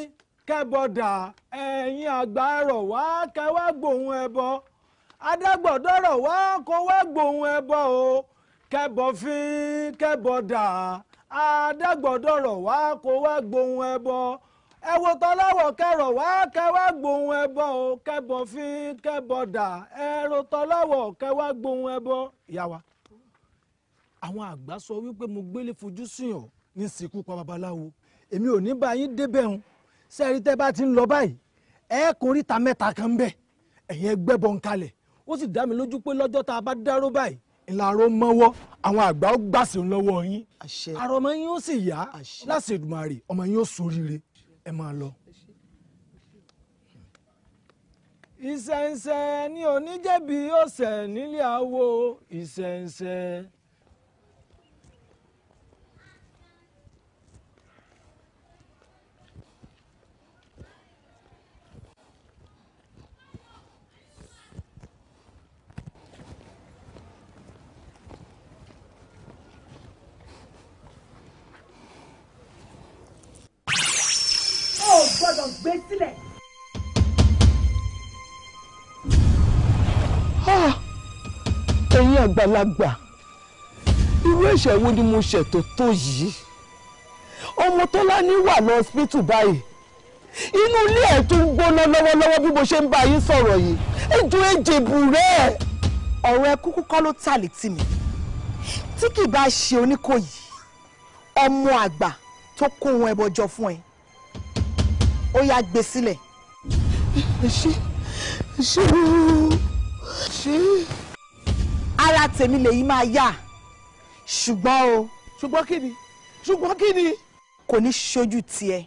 kẹbọ dà ẹ̀yin àgbà ẹ̀rọ wá kẹ́bọ fín kẹ́bọ dà adágbọ̀dọ̀rọ̀ wá kó wá gbohun ẹbọ ẹ wo tọ́láwọ̀ kẹrọ wá kẹ wá gbohun ẹbọ o kẹ́bọ fín kẹ́bọ dà ẹrọ tọ́láwọ̀ kẹ wá gbohun ẹbọ ìyá wa. àwọn àgbà sọ wípé mo gbélé fojú sùn ọ ní sìnkú pa babaláwo èmi ò ní bá yín débẹ̀ ń sẹ́ẹ̀rí tẹ́ bá ti ń lọ báyìí ẹ kò ríta mẹ́ta kan ń bẹ̀ ẹgbẹ́ bọ̀ ń kalẹ̀ ó sì dá mi lójú pé lọ́jọ́ tá a bá dárò báyìí ńlá mọ́wọ́ àwọn àgbà ó gbàsè lọ́wọ́ yín àrò ọmọ yín ó sì yá láti Èdùmàrè ọmọ yín ó ṣoríire ẹ máa lọ. ìṣẹ̀ǹṣẹ̀ ni oníjẹ̀bi ó ṣẹ̀ nílé àwo ìṣẹ̀ǹṣẹ̀. gbọ́dọ̀ gbé sílẹ̀. ẹ̀yin àgbàlagbà irú ẹ̀ṣẹ̀ wo ni mo ṣẹ̀ tó tó yìí ọmọ Tọ́lání wà lọ ọsibítù báyìí inú ilé ẹ̀ tó ń gbóná lọ́wọ́lọ́wọ́ bí mo ṣe ń bá yín sọ̀rọ̀ yìí ejò ejèbù rẹ̀. ọ̀rọ̀ ẹ kúkú kọ́ ló tà létí mi tí kì bá ṣe oníkòyí ọmọ àgbà tó kó ohun ẹbọ jọ fún ẹ ó yá gbé sílẹ̀. ṣé ṣé ṣé. ara tèmi lèyí máa yá ṣùgbọ́n o. ṣùgbọ́n kí ni ṣùgbọ́n kí ni. kò ní ṣojú tiẹ̀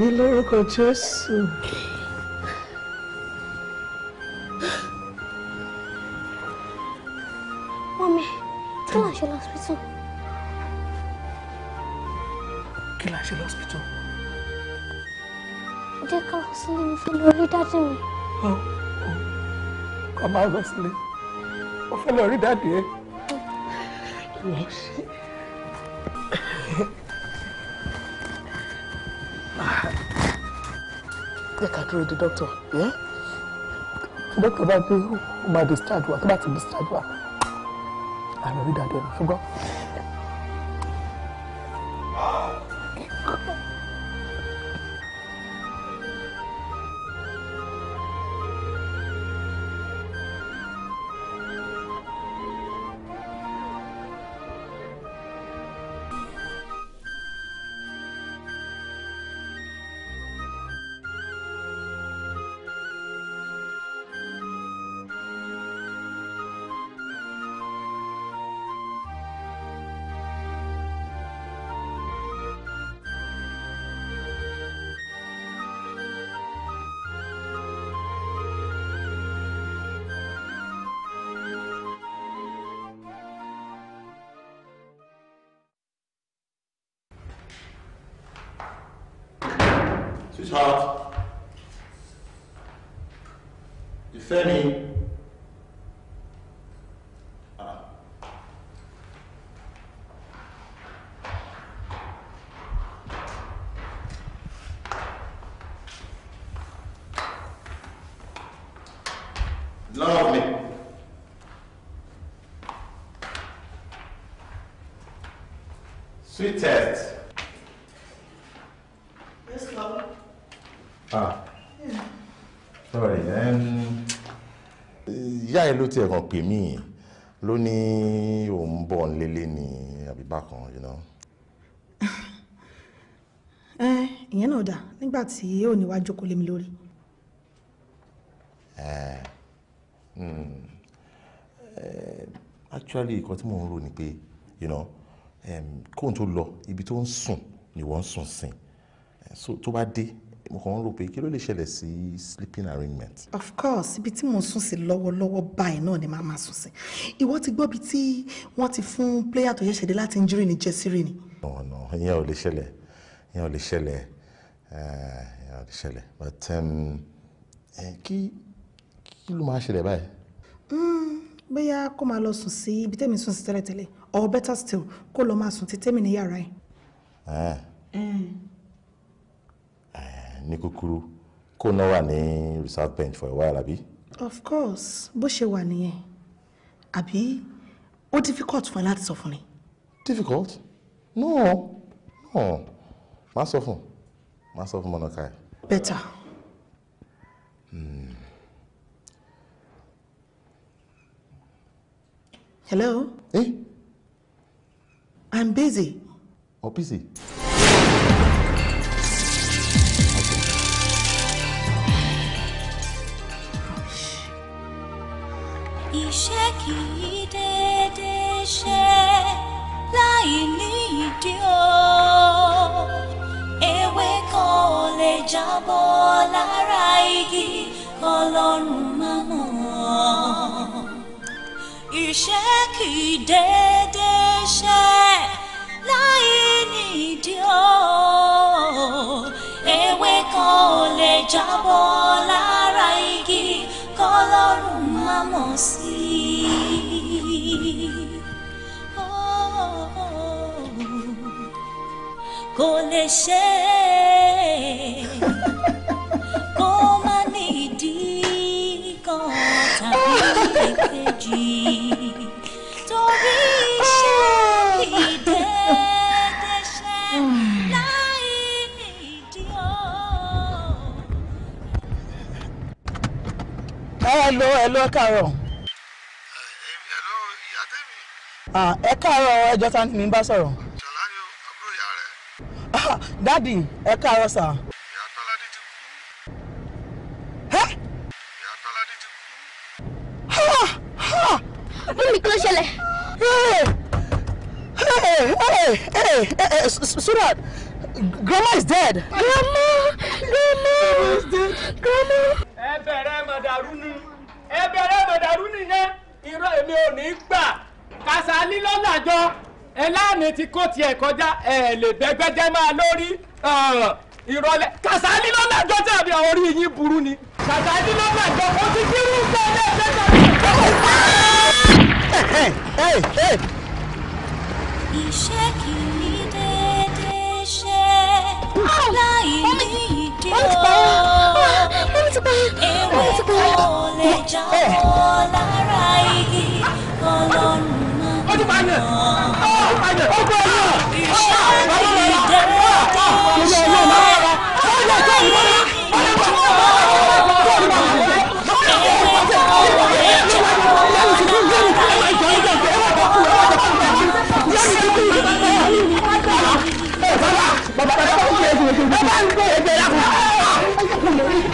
mi lórúkọ Jésù. mami, kí là ń ṣe lọ́sítọ̀? Kí là ń ṣe lọ́sítọ̀? Jẹ́ ká Oh, sílé mi fún lórí dájú mi. Kọ́ máa jẹ́ ká dúró de dókítà yẹ́ dókítà bá dé ó máa discharge wa tó bá ti discharge wa àná rí dáadáa ṣùgbọ́n. If any. ló tiẹ̀ kàn pè mí ló ní òun bọ̀ ń lélẹ̀ ní àbíbá kan you know. ẹ (laughs) eh, ìyẹn náà dà nígbà tí ò ní wàá jókòó lé mi lórí. Eh, hmm. eh, actually nǹkan tí mò ń rò ni pé you know, um, kóun tó lọ ibi tó ń sùn ni wọ́n ń sùn sí so tó bá dé mo kàn ń rò pé kí ló lè ṣẹlẹ̀ sí sleeping arrangement. of course ibi tí mo ń sùn sí lọ́wọ́lọ́wọ́ báyìí náà ni màá máa sùn sí ìwọ ti gbọ́ bí tí wọ́n ti fún player tó ṣẹ̀ṣẹ̀ dé láti injury ní jẹ́sírì ni. ọ̀nà ìyẹn ò lè ṣẹlẹ̀ ìyẹn ò lè ṣẹlẹ̀ eh, ìyẹn ò lè ṣẹlẹ̀ but um, kí kí ló máa ṣẹlẹ̀ báyìí. Hmm, bóyá kó máa lọ sùn sí ibi tẹ́mi sùn sí tẹ́lẹ̀tẹ́lẹ̀ or better still kó lọ máa sùn ti tẹ́mi ní yàrá ẹ̀. Eh. Eh ní kúkúrú kó náà wà ní reserve bench for a while àbí. of course bó ṣe wà nìyẹn àbí ó difficult fún ẹ láti sọ fún mi. difficult no no má sọ fún má sọ fún mọ̀nàká ẹ̀. better. Hmm. hello. Eh? i'm busy. or busy. iṣẹ́ kì í dédé ṣe láì ní ìdí o ewé kan ò lè jábọ́ lára igi ọlọ́run má mọ̀ iṣẹ́ kì í dédé amamos sí. Oh, oh, oh. Coleche, comanidi, cotabi, keji. hello káàárọ̀. hello ìyá tèmi. ẹ káàárọ̀ ẹjọ́ ta ni mi ń bá sọ̀rọ̀. ṣọlá ni o àbúrò ìyá rẹ. Ah, dádì ẹ káàárọ̀ sà. ìyá tọ́ládé ti kú. ìyá tọ́ládé ti kú. mọ́mí kí ló ṣẹlẹ̀. Surat, grandma is dead. Grandma, grandma is dead. Grandma. Ẹ bẹ̀rẹ̀ màdàrú ẹbẹ rẹ mọ̀dàrú nìyẹn irọ́ èmi ò ní gbà Kàsálí lọ́làjọ ẹ ti kó tiẹ̀ kọjá ẹ lè bẹ́gbẹ́jẹ́ máa lórí ìrọ̀lẹ́ Kàsálí lọ́làjọ tàbí orí yín burú ni Kàsálí lọ́làjọ kò ti kírú gbẹ́lẹ́ gbẹ́gbẹ́. iṣẹ́ kì í dédé ṣe aláìní ìdí ti pa ó ti pa ẹ. ó ti pa yẹn ó ti pa yẹn ó kọ́ ẹ̀ náà ó ti pa yẹn ó ti pa yẹn ó ti pa yẹn. Baba, baba, baba, baba, baba, baba, baba,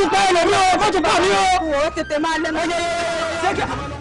ti pa ẹlòmíràn kó ti pa mí o. tètè máa lẹ́nu.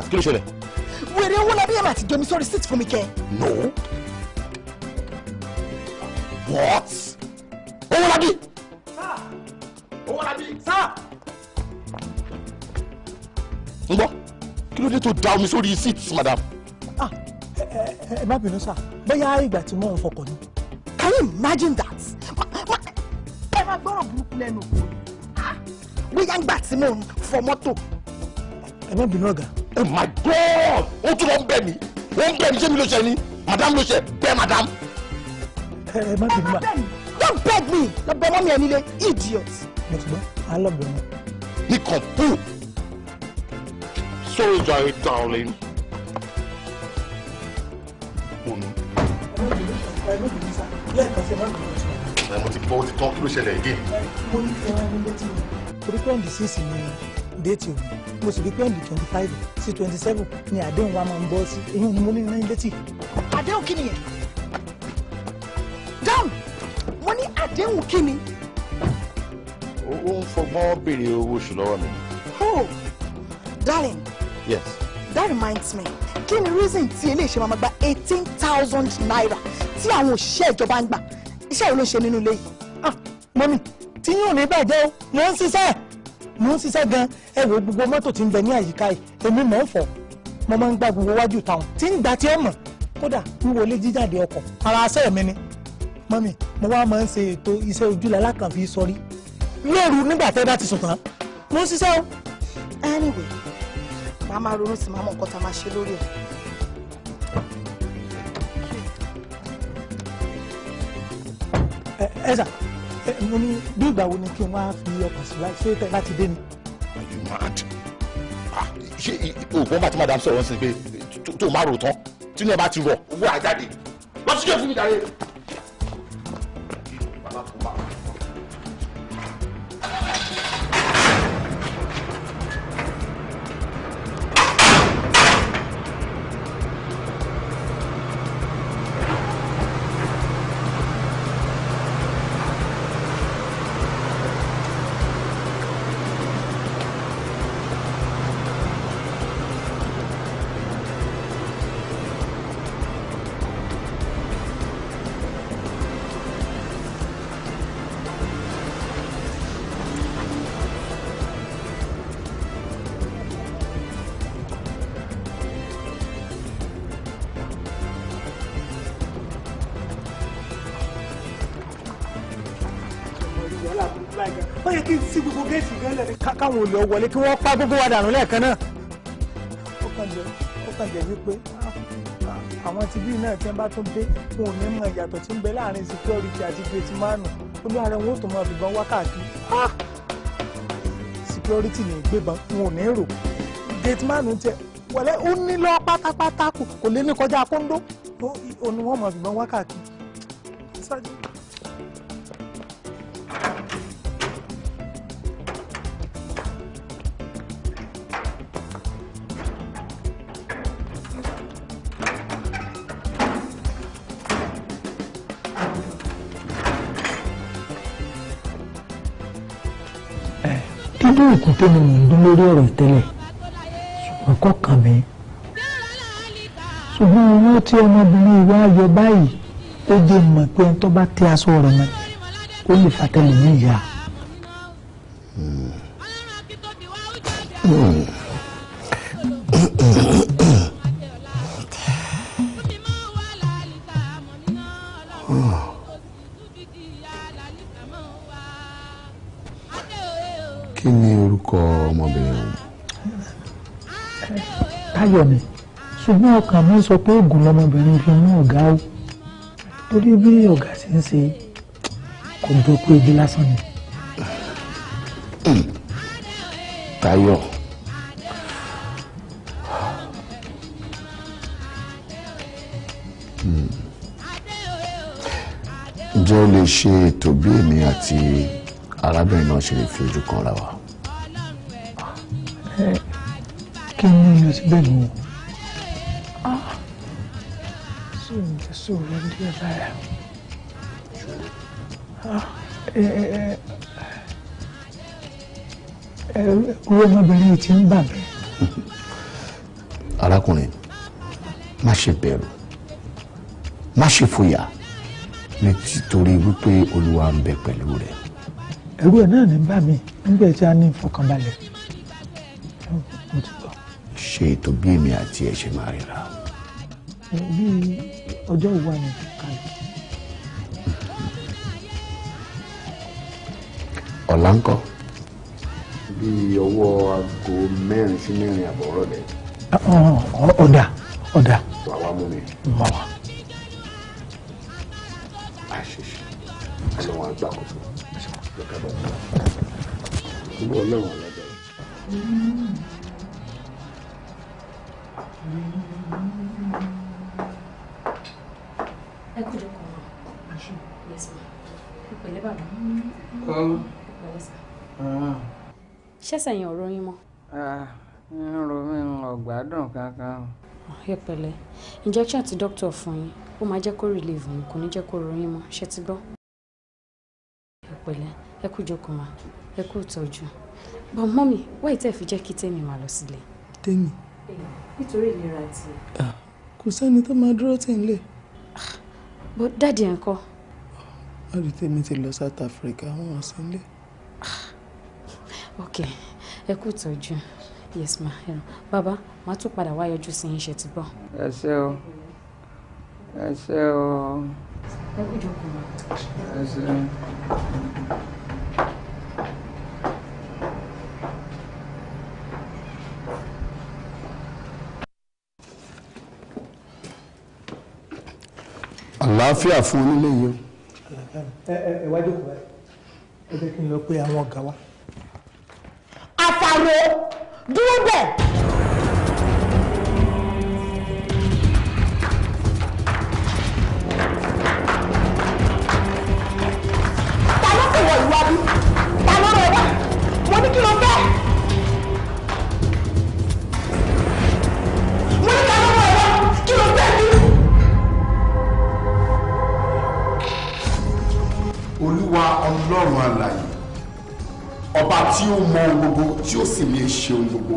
sisters kí ló ṣẹlẹ̀. wèrè owó labí ẹ̀mà àti seat fún mi kẹ́. no what owó labí. sá Sir, labí sá. ń gbọ́ kí ló dé tó da omi sórí seat madam. ah eh, eh. bínú sir. But ìgbà tí mò ń for ni. can you imagine that. ẹ máa gbọ́rọ̀ burúkú lẹ́nu òkú ah, bóyá ń gbà tí mò ń fọ mọ́tò. ẹ má bínú ọ̀gá oh my god ó tún lọ ń bẹ̀ mí ó ń bẹ̀ mí ṣé mi ló ṣe ni madam ló ṣe bẹ́ẹ̀ madam. ẹ má bínú ma. don't beg me lọ bẹ mọ́mí ẹ nílé idiot. mo ti gbọ́ a lọ bẹ̀ mọ́. ní kọ̀ǹpù sorry jare darling. mo ní. ẹ ló bìí sá lẹ́ẹ̀kan sí ẹ má bìí sá mo ti bọ́ ti tán kí ló ṣẹlẹ̀ again. mo ní kí ẹ wá ní létí mi. torí pé ǹdí sísì ni déètì òun mo sì rí pẹ́ẹ́lì twenty five sí twenty seven ni àdéhùn wa máa ń bọ́ sí èyí ni mo ní ní létí. àdéhùn kí ni yẹn dáhùn mo ní àdéhùn kí ni. ó ń fọgbọ́n béèrè owó oṣù lọ́wọ́ mi. oh darling. yes. that reminds me kí ni reason tí iléeṣẹ́ máa gba eighteen thousand naira tí àwọn òṣìṣẹ́ ìjọba ń gbà iṣẹ́ wo ló ń ṣe nínú ilé yìí. Ah, mọ́mí tí yóò ní bàjẹ́ o mò ń ṣiṣẹ́ mò ń ṣiṣẹ́ gan ẹ wo gbogbo mọ́tò tí ń bẹ ní àyíká yìí èmi mọ̀ ń fọ̀ mo máa ń gbá gbogbo wájú táwọn tí ń gbà tí ó mọ̀ kódà wíwọlé jíjáde ọkọ̀ ara aṣẹ́ mi ni mọ́mì mo wá máa ń ṣe ètò iṣẹ́ ojúlẹ̀ alákànfi sọrí lóru nígbà tẹ́ bá ti sùn tán mò ń ṣiṣẹ́ o. anyway màá máa ronú sí màá mọ nǹkan tá a máa ṣe lórí ẹ̀. ẹ ẹ sà mo ní bí ìgbà wo ni kí n wá fi ọkàn sí láì ṣé tẹ dé ni. are you mad? Ah, ṣé oògùn bá ti máa dá sọ̀rọ̀ ń sìn pé tó máa rò tán tí náà bá ti rọ̀ owó àjáde lọ fún mi dàrẹ́. yẹ kí n sí gbogbo géètì gẹ́lẹ̀ ni. káwọn olè wọlé kí wọ́n pa gbogbo wa dànù lẹ́ẹ̀kan náà. ó kàn jẹ́ ó kàn jẹ́ wípé ah, àwọn tí bíi náà tí wọ́n bá tún dé wọn ò ní mọ ìyàtọ̀ tí ń bẹ láàrin security àti gate manu olúwa rẹ wọn ò tó mọ àbíbọn wákàtí ah! security ní ìgbébọn wọn ò ní rò gate manu tiẹ̀ wọlé ó ní lọ pátápátá kò lè ní kọjá kóńdó òun ni wọ́n mọ àbíbọn wákàtí tó ni mò ń dún lórí ọ̀rọ̀ ìtẹ́lẹ̀ ṣùgbọ́n kọ̀ọ̀kan mi ṣùgbọ́n owó tí ọmọbìnrin wa yọ báyìí ó jẹ́ mọ̀ pé ohun tó bá tẹ aṣọ rẹ̀ mọ́ ó lè fàtẹ́lẹ̀ ní ìyá. àmọ́ sọ pé oògùn lọmọbìnrin fi mú ọ̀gá o torí bí ọ̀gá ṣe ń ṣe kò jọ pé igi lásán ni. Táyọ̀ hmm. ǹjẹ́ o lè ṣe ètò bí èmi àti arábìnrin náà ṣe lè fi ojú kan ra wa. kí ni o ti bẹ́ẹ̀ ni o. da tsoron da ya baya owó ọmọbìnrin ti ń bà mí. arákùnrin má ṣe bẹ̀rù má ṣe fòyà nítorí wípé olúwa ń bẹ pẹ̀lú rẹ. ẹ̀rù ẹ̀ náà mi nígbà tí a ní ìfọkànbalẹ̀ ṣe ètò bí èmi àti ẹ ṣe ọjọ́ òwúwa ni kalẹ̀. ọ̀la ń kọ́. bí ọwọ́ aago mẹ́rin sí mẹ́rin àbọ̀ rọ̀lẹ́. Ah, ah, ah, ọ̀dà ọ̀dà. wà wá mú mi. wà wá. àṣìṣe àṣẹ wọn àgbà ìbú ọlọ́run ọ̀làjà yìí. Mm-hmm ẹ kú jókòó ma yes ma ah. ah, ah, ẹ pẹ̀lẹ́ bàbá. ṣẹ́sẹ̀ yẹn ò ròyìn mọ́. ń ro mi ọ̀gbádùn kankan. ẹ pẹ̀lẹ́ injection tí dókítà fún yín ó máa jẹ́ kó relieve òun kò ní jẹ́ kó ròyìn mọ́ ṣé ti gbọ́. ẹ pẹ̀lẹ́ ẹ kú jókòó ma ẹ kú ìtọ́jú but mọ́mì wáyé tẹ́ fi jẹ́ kí tèmi máa lọ sílé. tèmi. nítorí ìlera tiẹ̀. kò sẹ́ni tó máa dúró tẹ̀ ń lè bó dáàdì ẹ̀ ń kọ́. wọ́n rí tèmi ti lọ South Africa wọ́n wọ́n sí ilé. ok ẹ kú ìtọ́jú yes ma ẹ ràn bàbá màá tún padà wá yọjú sí iṣẹ́ ti bọ̀. ẹ ṣé o ẹ ṣé o. ẹ kú ìjókòó ma. àlàáfíà fún onílé yìí. ìwájú kò báyìí ẹ jẹ́ kí n lọ pé àwọn ọ̀gá wa. àfàrò dúró bẹ́ẹ̀. olúwa ọlọ́run alààyè ọba tí ó mọ ohun gbogbo tí ó sì lè ṣe ohun gbogbo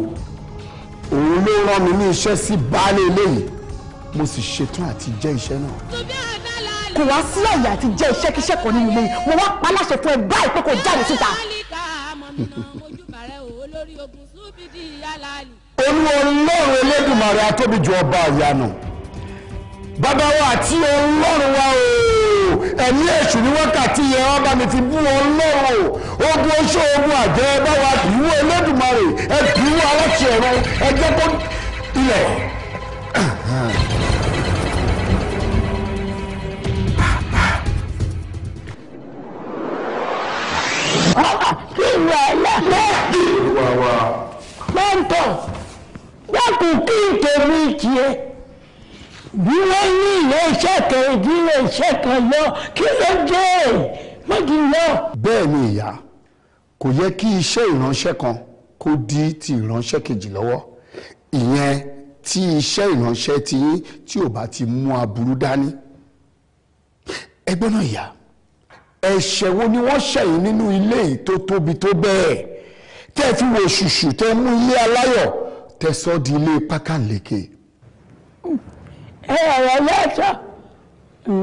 òun ló rán mi ní iṣẹ́ sí baálé eléyìí mo sì ṣetán àti jẹ́ iṣẹ́ náà. kò wá sí àyè àti jẹ́ iṣẹ́kíṣẹ́ kan nínú ilé yìí mo wá pa láṣẹ fún ẹ báyìí pé kò jáde síta. olúwa ọlọ́run elédùmarè atóbi ju ọba ìyanu bàbá wa àti ọlọ́run wa ooo ẹ̀mí èṣù ní wákàtí yẹn wá bá mi ti bú ọlọ́run ogun oṣó ogun àjẹ́ ẹ bá wa ìwú Elédùmarè ẹ kìíwú aláṣẹ ẹ̀rọ ẹ jẹ́ kó ilẹ̀. kí ni ọ̀la bẹ́ẹ̀ kí n tèmi tiẹ̀ bí wọ́n ní ilé iṣẹ́ kan ojú ilé iṣẹ́ kan lọ kí ló dé mọ́jú lọ. bẹ́ẹ̀ ni ìyá kò yẹ kí iṣẹ́ ìránṣẹ́ kan kó di ti ìránṣẹ́ kejì lọ́wọ́ ìyẹn tí iṣẹ́ ìránṣẹ́ ti yín tí ò bá ti mú aburú dání. ẹgbẹ́ náà ìyá ẹ̀ṣẹ̀ wo ni wọ́n ṣẹ̀yìn nínú ilé yìí tó tóbi tó bẹ́ẹ̀ tẹ́ fi wò ṣùṣù tẹ́ mú ilé aláyọ̀ tẹ́ sọ́ di ilé pákàlẹ́kẹ̀ẹ́ ẹ̀rọ ọrọ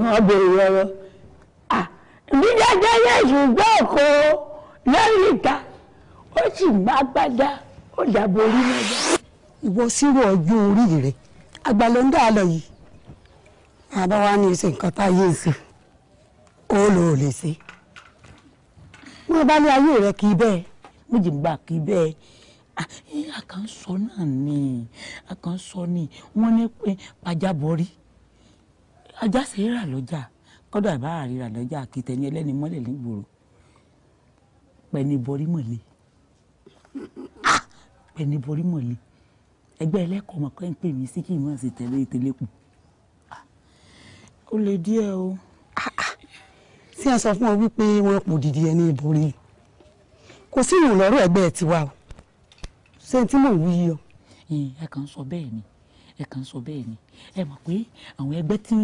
wọ́n béèrè ọ̀rọ̀ ìbíjáde yẹ̀sù gbọ́ ọ̀kọ́ ìwọ sírò ọjọ́ orí rẹ àgbàlẹ̀ ń dà ní nǹkan ayé rẹ kì bẹ́ẹ̀ méjì ń gbà àkànṣọ ah, náà ni àkànṣọ ni wọ́n ní pé pàjábọ̀rí ajá sì rà lọ́jà kọ́dọ̀ àbá àríra lọ́jà kìtẹ̀ ní ẹlẹ́ni mọ́lẹ̀ nígboro pẹ̀ni borí mọ̀lẹ́ ah, pẹ̀ni borí mọ̀lẹ́ ẹgbẹ́ ẹlẹ́kọ̀ọ́ mọ̀ kọ́ ń pè mí sí kí n mọ̀ sí tẹ̀lé ìtẹ̀lẹ́kù ah, ó lè díẹ̀ o. sí à ń sọ fún ọ wípé wọn kò dìde ẹni ìborí kò sí ìrànlọ́rọ̀ ẹgbẹ́ tiwa o ṣé tí mò ń wí yọ. ẹ kàn ń sọ bẹ́ẹ̀ ni ẹ kàn ń sọ bẹ́ẹ̀ ni ẹ mọ̀ pé àwọn ẹgbẹ́ tí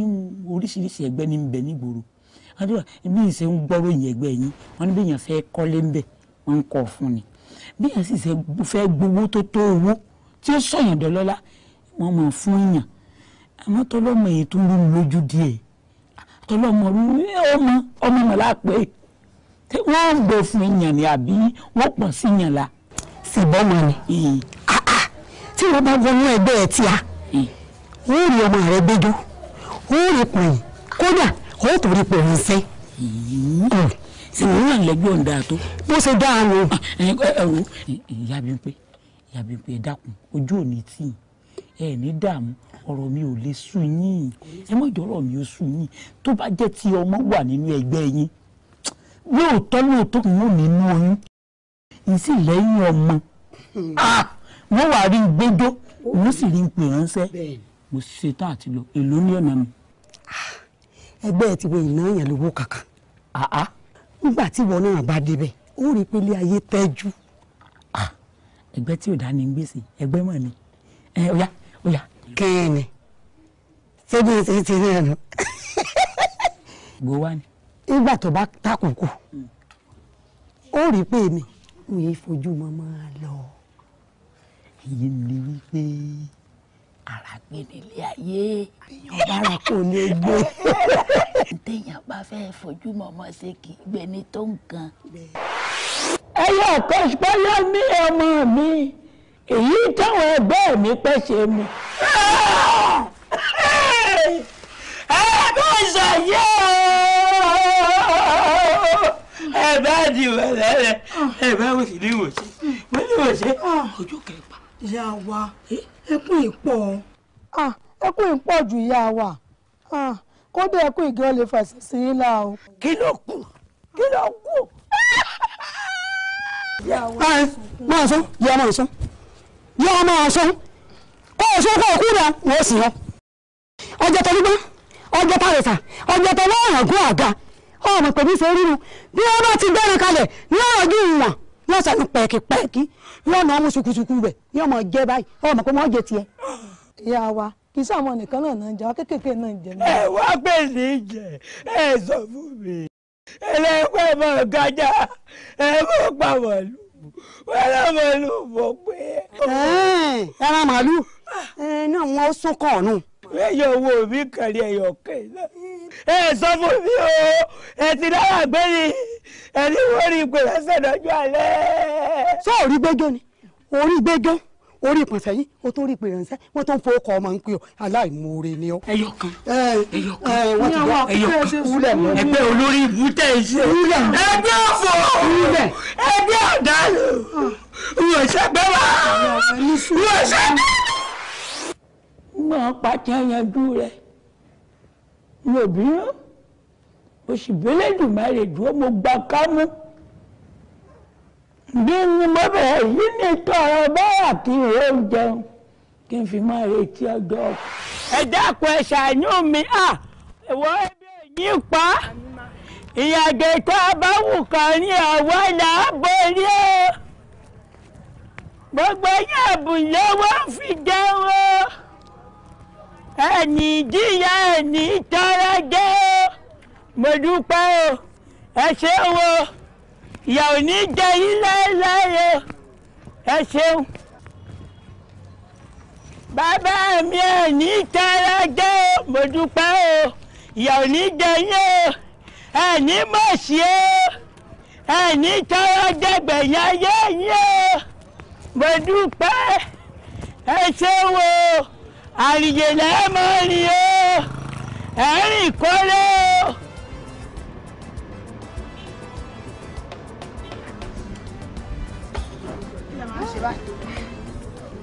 oríṣiríṣi ẹgbẹ́ ní ń bẹ nígboro àdúrà bí ìṣe ń gbọ́rọ̀ yẹn ẹgbẹ́ yín wọn ní bí èèyàn fẹ́ kọ́lé ń bẹ̀ wọ́n ń kọ́ fún ni bí èèyàn sì fẹ́ gbowó tó tó owó tí ó sọ̀yàn dọ́lọ́lá wọ́n mọ̀ fún èèyàn àmọ́ tọ́lọ́mọ èyí tó ń rú lójú díẹ̀ tọ́lọ́mọ ọmọ ọmọ náà wọ́n gbẹ fún èèyàn ni àbí wọ́n pọ̀ sí èèyàn la sì bọ́mọ ni hmm. ah, ah. tí wọ́n bá wọnú ẹgbẹ́ ẹ tíya ó hmm. rí ọmọ rẹ gbẹjọ ó rí pọ̀yìn kódà ó tó rí pọ̀yìn sẹ́. sìnkú lẹ́gbẹ́ òun dáa tó. bó ṣe dáa nù. Ah, ìyá bí pé ìyá bí pé ẹ dákun ojú ò ní tì í ẹ ní dààmú ọ̀rọ̀ mi ò lè sùn yín ẹ mọ̀ ìjọ ọ̀rọ̀ mi ò sùn yín tó bá jẹ́ tí ọmọ wà nínú ẹgbẹ́ yín yóò tọ́ lóòótọ́ kí wọ́n nínú oyún ìsì lẹ́yìn ọmọ ah! wọ́n wà rí gbódó wọ́n sì rí pè ránṣẹ́ mo ṣetán àti lọ èlò ní ọ̀nà mi. Ah! ẹgbẹ́ ẹ ti wo ìná yẹn lówó kankan ah, nígbà tí ìwọ náà bá débẹ̀ ó rí i pé ilé ayé tẹ́jú. ẹgbẹ́ tí ò dá ní gbèsè ẹgbẹ́ mọ̀ ni ọ̀yà ọ̀yà. kẹ́ẹ̀ni ṣé bí ṣe ti rí ẹnu. gbowó wa ni. nígbà tó bá takùn kù hmm. ó rí i pé èmi n yé fojú mọ́ máa lọ èyí ni wípé ara gbé nílé ayé èèyàn bára kò lè gbé. téèyàn bá fẹ́ fojú mọ́mọ́ ṣe kì í gbé ní tó nǹkan. ẹ yọ kọ́sípọ́lá ní ọmọ mi èyí táwọn ẹgbẹ́ mi pẹ́ ṣe mi. ẹ bá ṣàyẹ̀. báàdì wẹ̀lẹ̀ rẹ̀ ah. ẹ bá wò sí ní ìwòsí hmm. wọ́n ní ìwòsí ojú ah. kẹfà. ìyá wa ẹkún ìpọ̀ ah, ẹkún ìpọ̀ ju ìyá wa kódà ẹkún ìgé ọ lè fàṣẹ sí yín lá o. kí ló kù kí ló kù. máa sọ yá máa sọ yá máa sọ kó o sọ kó o kú rà wọ́n sì yọ ọjọ́ tó gbígbá ọjọ́ tó rẹ̀ sà ọjọ́ tó lọ́ọ̀rọ̀ gún àga ọmọ pẹ̀lú ṣe ríru bí wọ́n bá ti gbẹ́ran kalẹ̀ ní ọ̀ọ́dún ìwọ̀n yóò sanu pẹ̀kì pẹ̀kì yóò nà ọmọ ṣùkùṣùkù rẹ̀ yóò mọ̀ jẹ́ báyìí ọmọ pé wọ́n jẹ tiẹ̀. ìyá wa kì í sáwọn nìkan náà náà jẹ wá kékèké náà jẹ. ẹ wá pè ní jẹ ẹ sọ fún mi ẹlẹ́pẹ́ mọ̀ gájà ẹ mọ̀ pa màlúù wẹ́rẹ́ màlúù mọ̀ pé. ẹ̀ẹ́n ẹ̀ràn màlúù ah. náà wọ́n sún kàn ọ̀nù ẹyọ owó mi kàn rí ẹyọ ẹ sọ fún mi o ẹ ti dára gbé ni ẹ ní wọ́n rí ipò lọ́sẹ̀ lọ́jọ́ alẹ́. sọ orí gbẹ́jọ́ ni orí gbẹ́jọ́ orí ìpọ̀nsẹ̀ yìí o tó rí ìpè ránṣẹ́ wọ́n tó ń fowó kọ ọmọ ń pè ọ́ aláìmoore ni ọ́. ẹyọ kan ẹyọ kan wọ́n ti ẹyọ kan ẹgbẹ́ olórí ìbú tẹ̀ ẹgbẹ́ ọ̀fọ̀ ẹgbẹ́ ọ̀daràn ah. wọ́n ṣẹ́gbẹ́ wá wọ́n gbọ́n pàtí yanjú rẹ̀ lòbíràn mo sì bẹ́lẹ́dùnmáre dúró mo gba kámú bí ni mo bẹ̀rẹ̀ yìí ní tọrọ báyà kí n ò jẹun kí n fi máa retí ọjọ́ ẹ dákun ẹ ṣàánú mi à ẹ̀wọ́ ẹbí yín pa ìyàgò tó a bá wù kàn ní ọ̀wọ́ là á borí o gbogbo yẹn àbùyẹ wọn fi jẹun o ẹni jíyà ẹni tọrọ jẹ́ ó mo dúpẹ́ o ẹ ṣé wo ìyà ò ní jẹ yín láéláé o ẹ ṣeun bàbá mi ẹni tọrọ jẹ́ ó mo dúpẹ́ o ìyà ò ní jẹ yín o ẹni mọ̀ sí o ẹni tọrọ jẹ gbẹ̀yà yẹ́ yín o mo dúpẹ́ ẹ ṣeun àrìjè lẹ́ẹ̀mọ́ ni ó ẹ̀rìn kọ́lé o.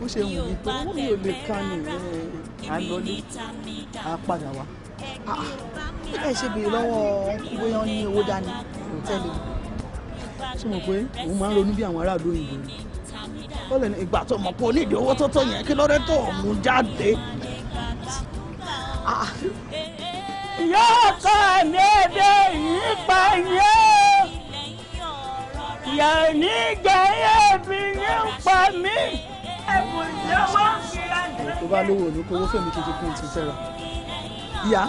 ó ṣe wù mí pé owó mi ò lè kan ní àlọ́lé àpadà wa ah, ah. ẹ ṣe bèrè lọ́wọ́ bóyá ní owó dání tẹ́lẹ̀ ṣé mo pé òun máa ń ronú bí àwọn aráàlú òyìnbó ni ó lè ní ìgbà tó mọ̀ pé onídìí owó tó tó yẹn kí lóore tó mú jáde. yóò kọ́ ní èdè yìí pa yé yàrá nígbà yẹn mi ní pa mí ẹ̀wọ̀n lọ́wọ́. tó bá lówó olùkówó fèmí kejì kún un ti tẹ̀ra ìyá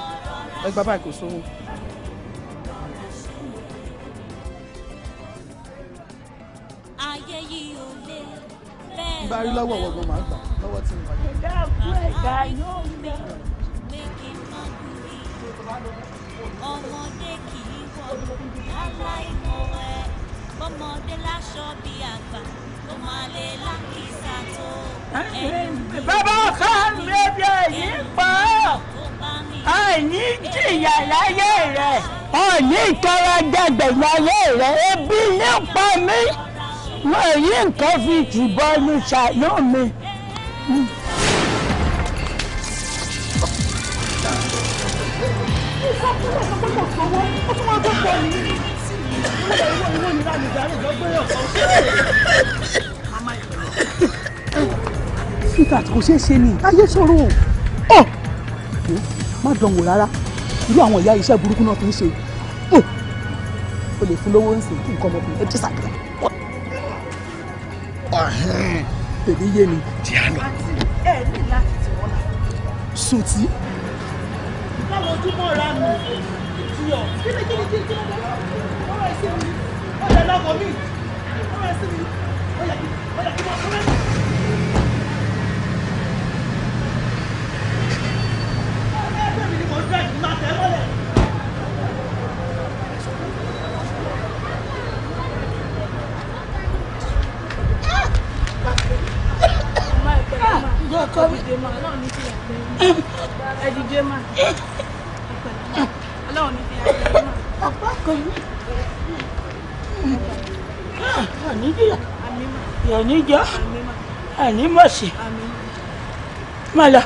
ẹgbàá báyìí kò sówó. ń bá rí lọ́wọ́ wọ́n gan máa gbà lọ́wọ́ tí mo bá ọmọdé kì í wọ aláìmọ̀wé bọ́mọdé láṣọ bí àgbà ló máa lè lákìsà tó. bàbá kan lébi ẹ̀yìn pọ̀ àìní jìyà láyé rẹ̀ àìní ìtọ́ra jẹgbẹ̀ láyé rẹ̀ ebi ní pa mí mo rí nǹkan fi tìbọn ní ṣàánú mi. kò ṣeé ṣe ni ayé sọ̀rọ̀ ọ̀ má dánwò rárá irú àwọn ìyá iṣẹ́ burúkú náà fi ń ṣe o lè fún lówó ń sìn kí nǹkan ọmọkùnrin ẹ dísàgbẹ́ tèmi yé mi di àná. àǹtí ẹ ní láti tì wọ́n náà. sotí. báwo ojúmọ́ ra mi ti ọ̀ kí ni kí ni kí ni kí ni ọ̀rọ̀ ẹ̀sìn mi ọ̀rọ̀ ẹ̀lọ́kọ̀ mi ọ̀rọ̀ ẹ̀sìn mi ọ̀yà kí ọ̀yà kí wọ́n kọ́rẹ́. ọ̀rẹ́ ẹgbẹ́ mi ni mo ń dẹ́kun máa tẹ̀ mọ́lẹ̀. torí. ẹdìdé mà ọlọ́run ní fi àgbẹ̀ mà. ọ̀pá kan ní. àní jìyà ìyọ̀ní jọ àní mọ̀ sí. máa lọ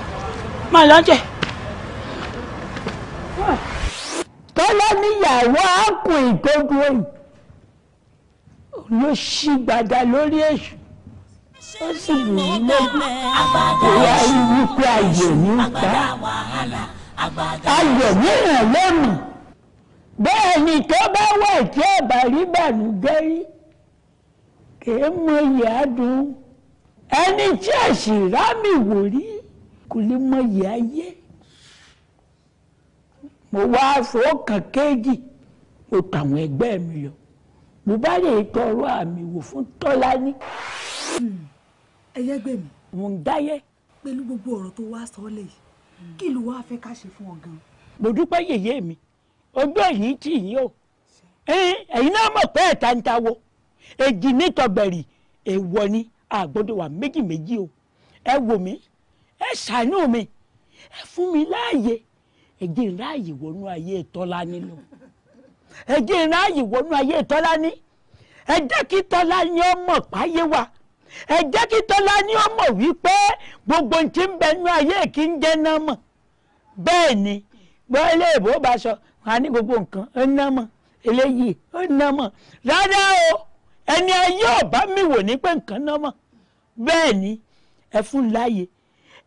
máa lọ jẹ. tọ́lá níyàwó àkùn ìgbógun òyìn ló ṣì gbàdá lórí èṣù ó sì lù mí lẹ́nu ìyá wípé ayọ̀ ní pa ayọ̀ mìíràn lọ́nà bẹ́ẹ̀ ni tó bá wà tí ọ̀bà rí bànújẹ́ rí kèé mọ iyì adùn ẹni tí àṣì rámì wò rí kò lè mọ iyì ayé mo wá fọ́ọ̀kàn kéjì mo tàwọn ẹgbẹ́ mi lọ mo bá lè tọrọ àmì wò fún Tọ́lání. Hmm ẹyẹgbẹmí. mò ń dáyé. pẹ̀lú gbogbo ọ̀rọ̀ tó wá sọ lẹ̀ yìí kí ló wáá fẹ́ ká ṣe fún ọ gan. mo dúpẹ́ yèyé mi ojú ẹ̀yìn tì yín o ẹ̀yin náà mọ̀ pé ẹ̀ta ń ta wo èjì nítọ̀gbẹ̀rì èèwọ̀ ni àgbọ̀dọ̀ wà méjì méjì o ẹ wò mí ẹ ṣàánú mi ẹ fún mi láàyè èjì ráàyè wọnú ayé tọ́lá nílò èjì ráàyè wọnú ayé tọ́lá ní ẹ jẹ́ kí tọ́lá ní ọmọ páyé wa ẹ jẹ́ kí tọ́lá ní ọmọ wípé gbogbo ohun tí ń bẹ nínú ayé kì í jẹ́ náà mọ̀ bẹ́ẹ̀ ni gbọ́ ilé ìbò bá sọ wọn á ní gbogbo nǹkan ó ná mọ̀ eléyìí ó ná mọ̀ rárá o ẹni ayé ọ̀bá mi wò ní pé nǹkan ná mọ̀ bẹ́ẹ̀ ni ẹ fún láàyè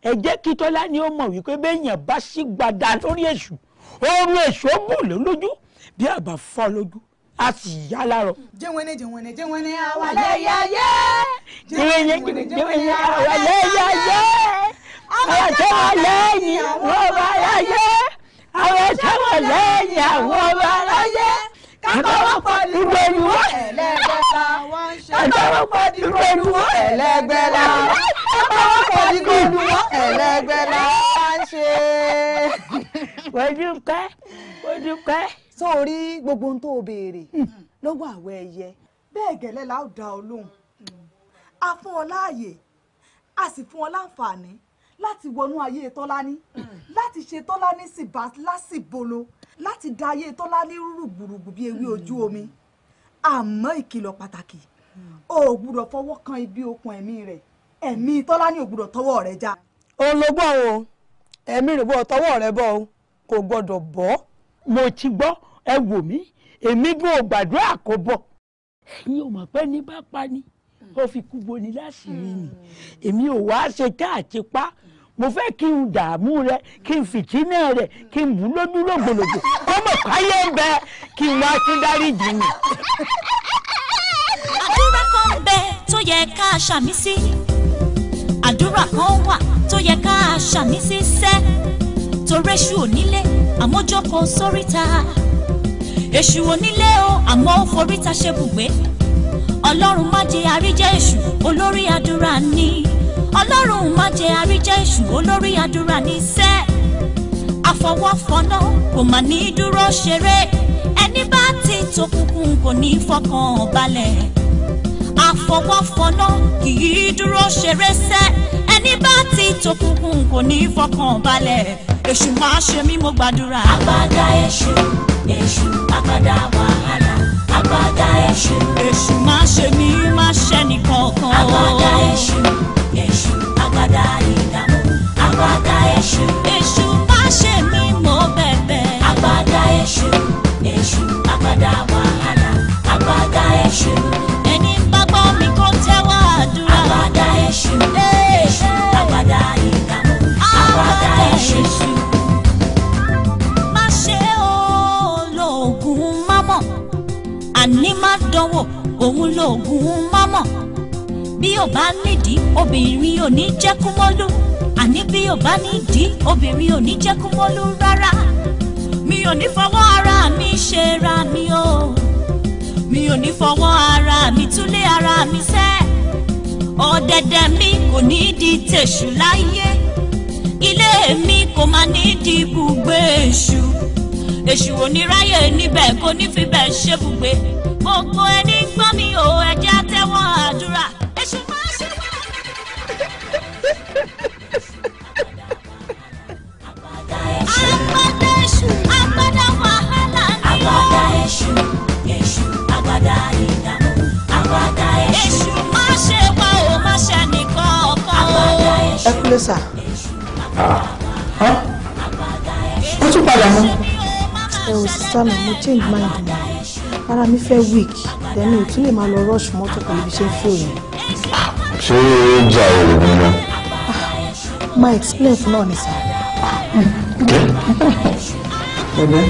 ẹ jẹ́ kí tọ́lá ní ọmọ wípé béèyàn bá sí gbàdá lórí èṣù oorun èṣù ó bù lójú bí àbá fọ́ lójú a sì yá lárọ. jẹ́wọ́nẹ́ jẹ́wọ́nẹ́ jẹ́wọ́nẹ́ àwàlẹ́ yáyé. jẹ́wọ́nẹ́ jẹ́wọ́nẹ́ àwàlẹ́ yáyé. àwọn tẹ́wọ̀ lẹ́yìn àwọn ọba láyé. àwọn tẹ́wọ̀ lẹ́yìn àwọn ọba láyé. kákọ́wọ́pọ̀ dìbò ìwọ ẹlẹ́gbẹ̀lá. kákọ́wọ́pọ̀ dìbò ìwọ ẹlẹ́gbẹ̀lá. kákọ́wọ́pọ̀ dìbò ìwọ ẹlẹ́gbẹ̀lá. wọ́n dúpẹ́ wọ́n dúpẹ́ sórí gbogbo ohun tó o béèrè lọ́wọ́ àwọn ẹyẹ bẹ́ẹ̀ gẹ́lẹ́ la ó dá ọ lóhùn a fún ọ láàyè a sì fún ọ láǹfààní láti wọnú ayé tọ́lání láti ṣe tọ́lání síbà lásìbolo láti da ayé tọ́lání rúgbùrùgbù bí ewé ojú omi àmọ́ ìkìlọ̀ pàtàkì o ò gbúdọ̀ fọwọ́ kan ibi okùn ẹ̀mí rẹ̀ ẹ̀mí tọ́lání ò gbúdọ̀ tọwọ́ rẹ̀ já. òun ló o ẹ̀mí rẹ̀ bọ́ tọwọ́ rẹ̀ bọ́ o kò gbọ́dọ̀ bọ́ mo ti gbọ́ ẹ wò mí èmi gbọ́ gbàdúrà kó bọ̀ yín ò mọ̀ pé ní bá pa ni ó fi kú boni láṣìírí ni èmi ò wá ṣe tá àti pa mo fẹ́ kí n dààmú rẹ kí n fìtínà rẹ kí n bù lójú lògbòlògbò kó mọ̀ káyé ń bẹ kí n wá tún dáríjì mi. àdúrà kan bẹ tó yẹ ká ṣàmì sí àdúrà kan wà tó yẹ ká ṣàmì sí sẹ́ẹ̀ torí èṣù onílé àmọ́jọ́ kan sóríta èṣù onílé o àmọ́ ó foríta ṣe bùgbé ọlọ́run má jẹ́ àríjẹ́ èṣù olórí àdúrà ni ọlọ́run má jẹ́ àríjẹ́ èṣù olórí àdúrà ni sẹ́ àfọwọ́fọ̀nà kò mà ní dúró ṣeré ẹni bá ti tòkùnkùn kò ní fọkàn balẹ̀ àfọwọ́fọ̀nà kì í dúró ṣeré sẹ́ ẹni bá ti tòkùnkùn kò ní fọkàn balẹ̀ èṣù máa ṣe mí mo gbàdúrà. agbádá èṣù èṣù agbádá wàhálà agbádá èṣù. èṣù máa ṣe mí má ṣe nìkan kan. agbádá èṣù èṣù agbádá ìdààmú agbádá èṣù. èṣù má ṣe mí mo bẹ̀bẹ̀. agbádá èṣù èṣù agbádá wàhálà agbádá èṣù. ẹni òun lóògùn mọ́mọ́ bí ò bá nídìí obìnrin ò ní jẹ́kúmọ́lú àní bí ò bá nídìí obìnrin ò ní jẹ́kúmọ́lú rárá mi ò ní fọwọ́ ara mi ṣe ra mi o mi ò ní fọwọ́ ara mi túlé ara mi sẹ́ ọ̀dẹ̀dẹ̀ mi kò ní di tèṣù láyé ilé mi kò má ní di ibùgbé èṣù èṣù oníráyè níbẹ̀ kò ní fi bẹ̀ ṣébùgbé gbogbo ẹni gbọ́ mi ò ẹ̀jẹ̀ àtẹ́wọ́ àdúrà èṣù má ṣe wá. àgbàdá èṣù àgbàdá wàhálà ni ó. àgbàdá èṣù èṣù àgbàdá ìdààmú àgbàdá èṣù. èṣù má ṣe wá o má ṣe nìkan ọkọ o. ẹ kúlẹ̀ sà. ó ah. tún padà mọ́ ẹ ò sísá mi mo change mind mi ara mi fẹ́ weak then mi ò tún lè máa lọ rush mọ́tò pẹ̀lú bí ṣe ń fò yẹn. ṣé ó jà èrò mi lọ. explain fún náà ni sir. bẹ̀bẹ̀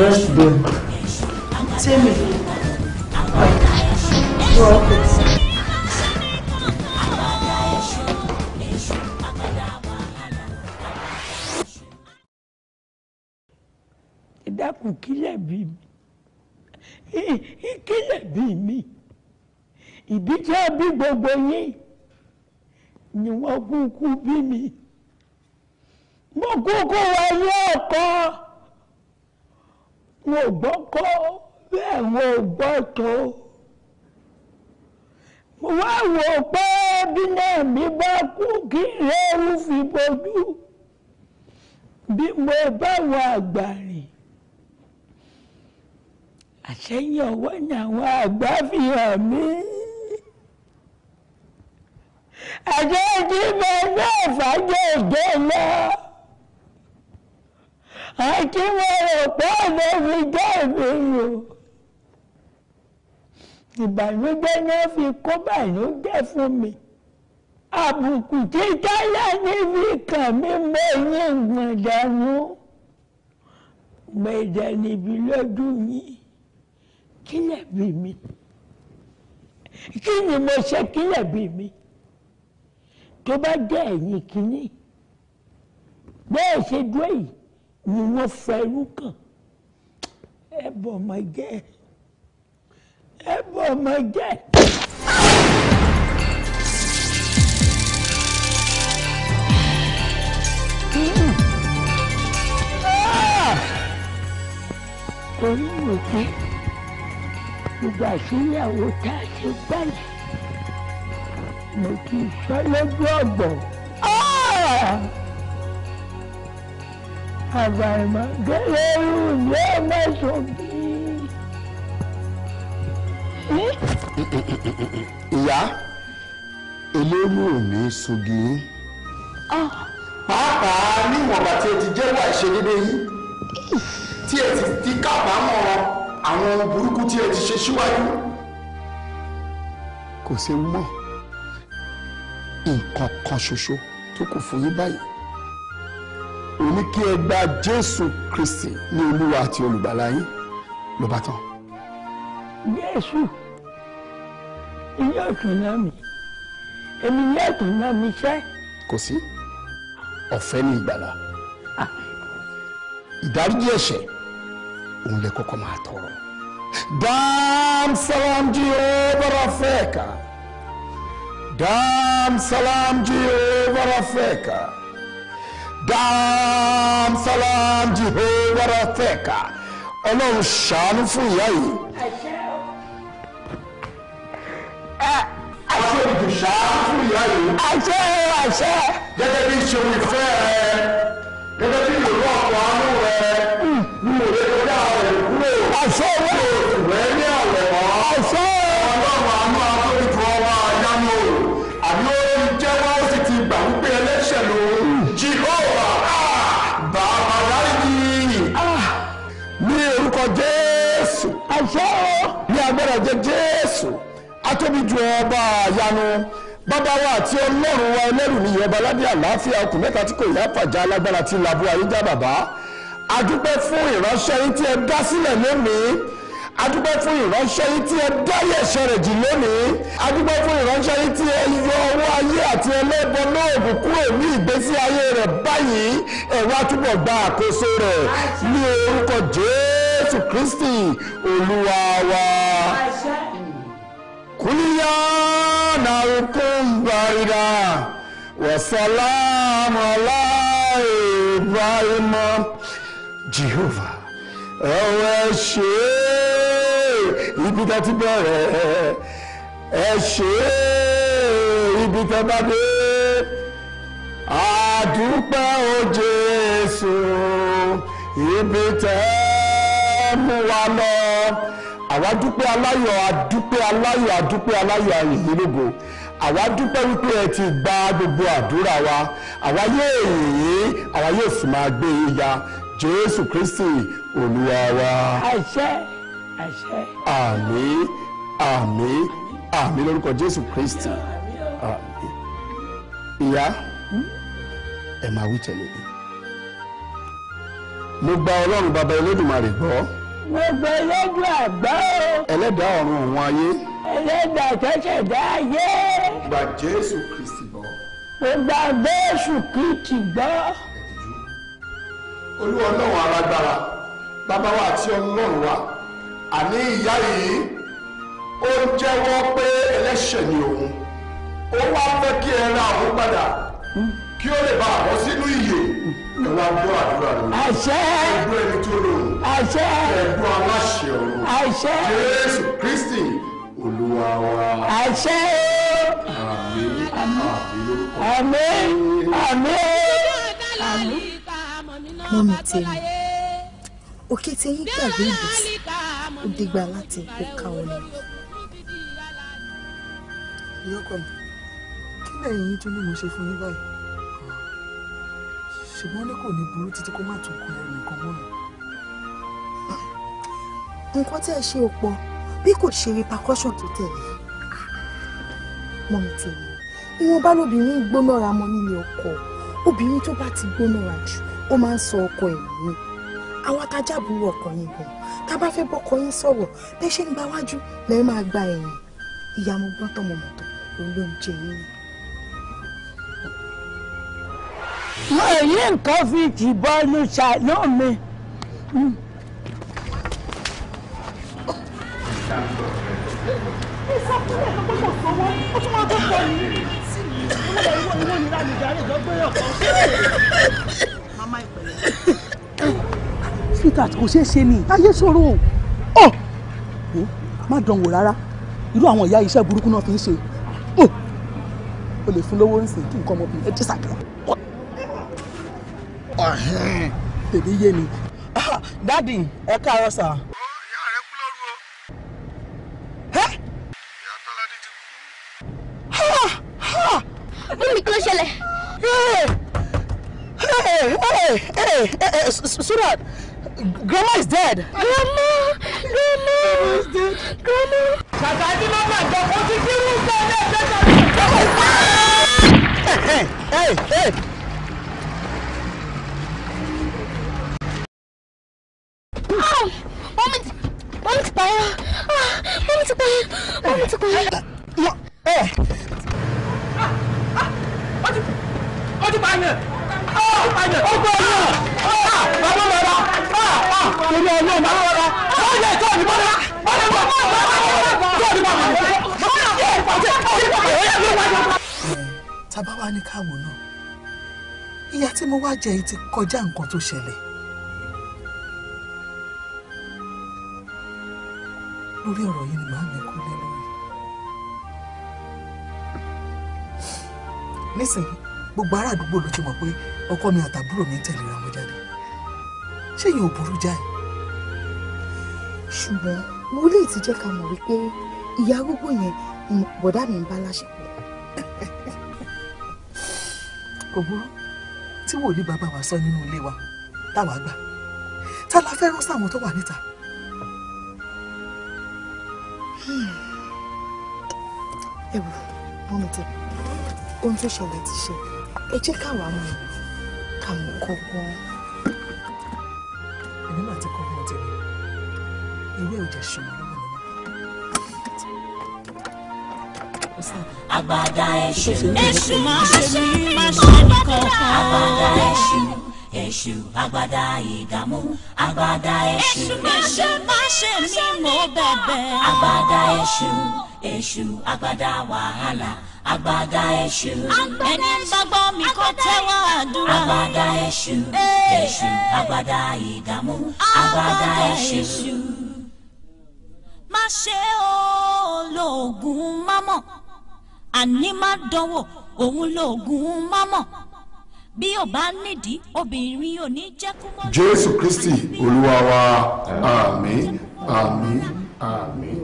rest there. tẹ́mi. Well, okay. dákun kílẹ̀ bí mi kílẹ̀ bí mi ìbí tí a bí gbogbo yín ni wọ́n kúkú bí mi mo kúkú wọlé ọkọ wọn ò gbọ́kọ́ bẹ́ẹ̀ wọn ò gbọ́ tó mo wá wò pé bí náà mi bá kú kí rẹ́rù fi bojú bí mo bá wọ àgbà àṣẹyìn ọwọ́ ni àwọn àgbà fi hàn mí àjọ ìdìbò náà fàájọ òjò lọ àti mo rò pé ọmọ mi jẹ́ ìbéèrè ìbànújẹ́ náà fi kó bànújẹ́ fún mi àbùkù títẹ́lẹ̀ níbi kan mi mọ eyín gbọ̀ndánú gbẹ̀dẹ̀ níbi lójú yìí kí lẹ̀bi mi kí ni mo ṣe kí lẹ̀bi mi tó bá jẹ́ ẹ̀yìn kínní bẹ́ẹ̀ ṣe dúró yìí ni wọ́n fẹ́ irú kàn ẹ bọ̀ máa jẹ́ ẹ bọ̀ máa jẹ́. orí mi pé ìgbà síyàwó tá a ṣe báyìí mo ti sọ lójú ọ̀gbọ̀n ah! àbàìmọ̀ gẹ́gẹ́ irú ìlú ọmọ ẹ̀sùn bí. ìyá eléwú ò ní sungi ah! pàápàá níwọ̀nba tí ẹ ti jẹ́wọ́ àìṣedéédéé yín tí ẹ ti kábàámọ̀ wọn àwọn ohun burúkú tí ẹ ti ṣe síwájú kò ṣe mọ́ nǹkan kan ṣoṣo tó kù fún yín báyìí ó ní kí ẹ gba Jésù Kristi ní Olúwa àti Olùgbàlà yín ló bá tán. Jésù ìyá ọ̀tún náà mi èmi ìyá ọ̀tún náà mi fẹ́. kò sí ọ̀fẹ́ ní ìgbàlà ìdáríjì ẹ̀ṣẹ̀ òun lẹ kọ́kọ́ dam salam Jehovah Rafeka dam salam Jehovah Rafeka dam salam Jehovah Rafeka Olo ṣàánú fún ìyá yìí. àṣẹ ìdù ṣàánú fún ìyá yìí. àṣẹ àṣẹ. gẹ́gẹ́ bí ṣe wí fẹ́ ẹ gẹ́gẹ́ bí. àfọ́ ní agbára jẹ Jésù atóbi ju ọba àyanu bàbá wa àti ọlọ́run wa ẹlẹ́rù ni ìyẹn baládé àlàáfíà ọkùn mẹ́ta tí kò yá pàjá alágbára tí labu àyíjà bàbá adúpẹ́ fún ìránṣẹ́ yín tí ẹ dá sílẹ̀ lónìí adúpẹ́ fún ìránṣẹ́ yín tí ẹ dá yẹ̀ṣẹ̀ rẹ̀ jì lónìí adúpẹ́ fún ìránṣẹ́ yín tí ẹ yọ ọwọ́ ayé àti ẹlẹ́bọ lóògùn kúrò ní ìgbésí ayé rẹ̀ báyìí ẹ̀rọ àtúbọ̀ gba àkóso rẹ̀ ní orúkọ Jésù jésù kristi olúwa wa kúlíyà nàrúkún bàrídà wàsálàmù aláìbáyìmọ jehova ọwọ́ ẹ ṣe ibi tó ti bẹ̀rẹ̀ ẹ ṣe ibi tó bá dé àdúpẹ́ o jésù ibi tẹ́ ẹ mú wa lọ àwa dúpẹ́ aláyọ̀ adúpẹ́ aláyọ̀ adúpẹ́ aláyọ̀ ayìnbílógo àwa dúpẹ́ wípé ẹ ti gba gbogbo àdúrà wa àwa yóò yìnyín àwa yóò sì máa gbé e ya jésù kristi olúwa wa. àṣẹ àṣẹ. àmín àmín àmín lórúkọ jésù kristi ìyá ẹ máa wí tẹ̀lé mi mo gba ọlọ́run bàbá elédùnmarè gbọ́ gbogbo elédùn àgbà o. ẹlẹ́dàá ọ̀run òun ayé. ẹlẹ́dàá tẹ́tẹ̀dá ayé. gba jésù kristi gbọ́. mo gba jésù kristi gbọ́. olú ọlọ́run alágbára bàbá wa àti ọlọ́run wa àní ìyá yìí ó ń jẹ́wọ́ pé ẹlẹ́ṣẹ̀ ni òun ó wá fẹ́ kí ẹ ra òun padà kí ó lè bá àbọ̀ sínú ìyè ẹ̀wọ̀n àbúrò àdúrà rẹ̀. àṣẹ. ẹgbẹ́ ẹni tó lòun àṣẹ ẹ̀bùn aláṣẹ ọ̀run àṣẹ Jésù Kristi Olúwa wa àṣẹ àmín àmín àmín àmín. mo mi tèmi òkè tí yín gbàgbé ìbùsùn ó dìgbà láti kó káwọn lọ. ìyọkọ mi kí lẹ́yìn tún ní mo ṣe fún yín báyìí ṣùgbọ́n ní kò ní burú títí kó má tún kún ẹnì mọ́ mi nǹkan tẹ́ ẹ ṣe ò pọ̀ bí kò ṣe repercussion tó tẹ̀lé mọ́mi tó ní ìwọ̀nba lóbìnrin gbónára mọ́ nílé ọkọ obìnrin tó bá ti gbónára jù ó máa ń sọ ọkọ ẹ̀ nù àwa tá a jábùrú ọkọ yín gan tá a bá fẹ́ bọ́kọ yín sọ̀rọ̀ bẹ́ẹ̀ ṣe ń gba wájú lẹ́yìn máa gba ẹ̀yìn ìyá mo gbọ́n tọmọ mọ̀tọ́ òun ló ń yín. mo èyí nǹkan fi jì bọ́ọ̀lù ṣàlọ́ mi. Hmm. sweetheart kò ṣeé ṣe ni ayé ṣòro ọ oh! má dánwò rárá irú àwọn ìyá iṣẹ́ burúkú náà fi ń ṣe oh! o lè fún lówó nsìn kí nǹkan ọmọkùnrin ẹ ti sàkíyà. tèmi yé mi. dádì ẹ káàárọ̀ sà. Bùnmi kí ló ṣẹlẹ̀? Surat, grandma is dead. Grandma, grandma, is dead. grandma. Kàkà tí má bà jọ kó ti kírú sẹ́lẹ̀ tẹ́tà. Hey, hey, hey. Oh, ah, mọ́mí ti pààyàn. Mọ́mí ti pààyàn. Ah, mọ́mí ti pààyàn. ti pààyàn ó pààyàn ó gbọ́ ọ̀nà bàbá bàbá torí ọ̀nà bàbá bàbá ó yẹ tó ní bọ́lá bọ́lá bọ́ tó ní bàbá tábà wá ní káwọ náà ìyá tí mo wá jẹ yìí ti kọjá nǹkan tó ṣẹlẹ̀ lórí ọ̀rọ̀ yìí ni màá mi kú lé lórí nísìnyí gbogbo ará àdúgbò ló ti mọ̀ pé ọkọ mi àtàbúrò mi tẹ̀léra wọn jáde ṣé yìí ò burú jáì. ṣùgbọ́n wúlẹ̀ ti jẹ́ ká mọ̀ wípé ìyá arúgbó yẹn bọ̀dá mi ń bá láṣepọ̀. kò burú tí wòlíì bàbá wa sọ nínú ilé wa táwa gbà tá la fẹ́ rán sáwọn tó wà níta. Hmm. ẹ wò mọ́mi tẹ ohun tó ṣẹlẹ̀ ti ṣẹlẹ̀ ẹ jẹ́ káwa mọ̀ ká mọ̀ kọ́kọ́ èmi máa ti kọ́kọ́ tẹ̀lé ìwé òjẹ̀ ṣùgbọ́n lọ́wọ́ mi. àbàdà èṣù èṣù máa ṣe mí máa ṣe nìkan kan. àbàdà èṣù èṣù àgbàdà ìdààmú àgbàdà èṣù. èṣù má ṣe má ṣe mí mo bẹ̀bẹ̀. àgbàdà àgbàdà wàhálà agbada èṣù. ẹni ń gbàgbọ́ mi kò tẹ́wọ́ àdúrà. agbada èṣù èṣù agbada ìdààmú agbada èṣù. má ṣe olóògùn mámọ̀ àní má dánwò òun lóògùn mámọ̀ bí ò bá nídìí obìnrin ò ní jẹ́ kú mọ́. jésù kristi olúwa wa àmín àmín àmín.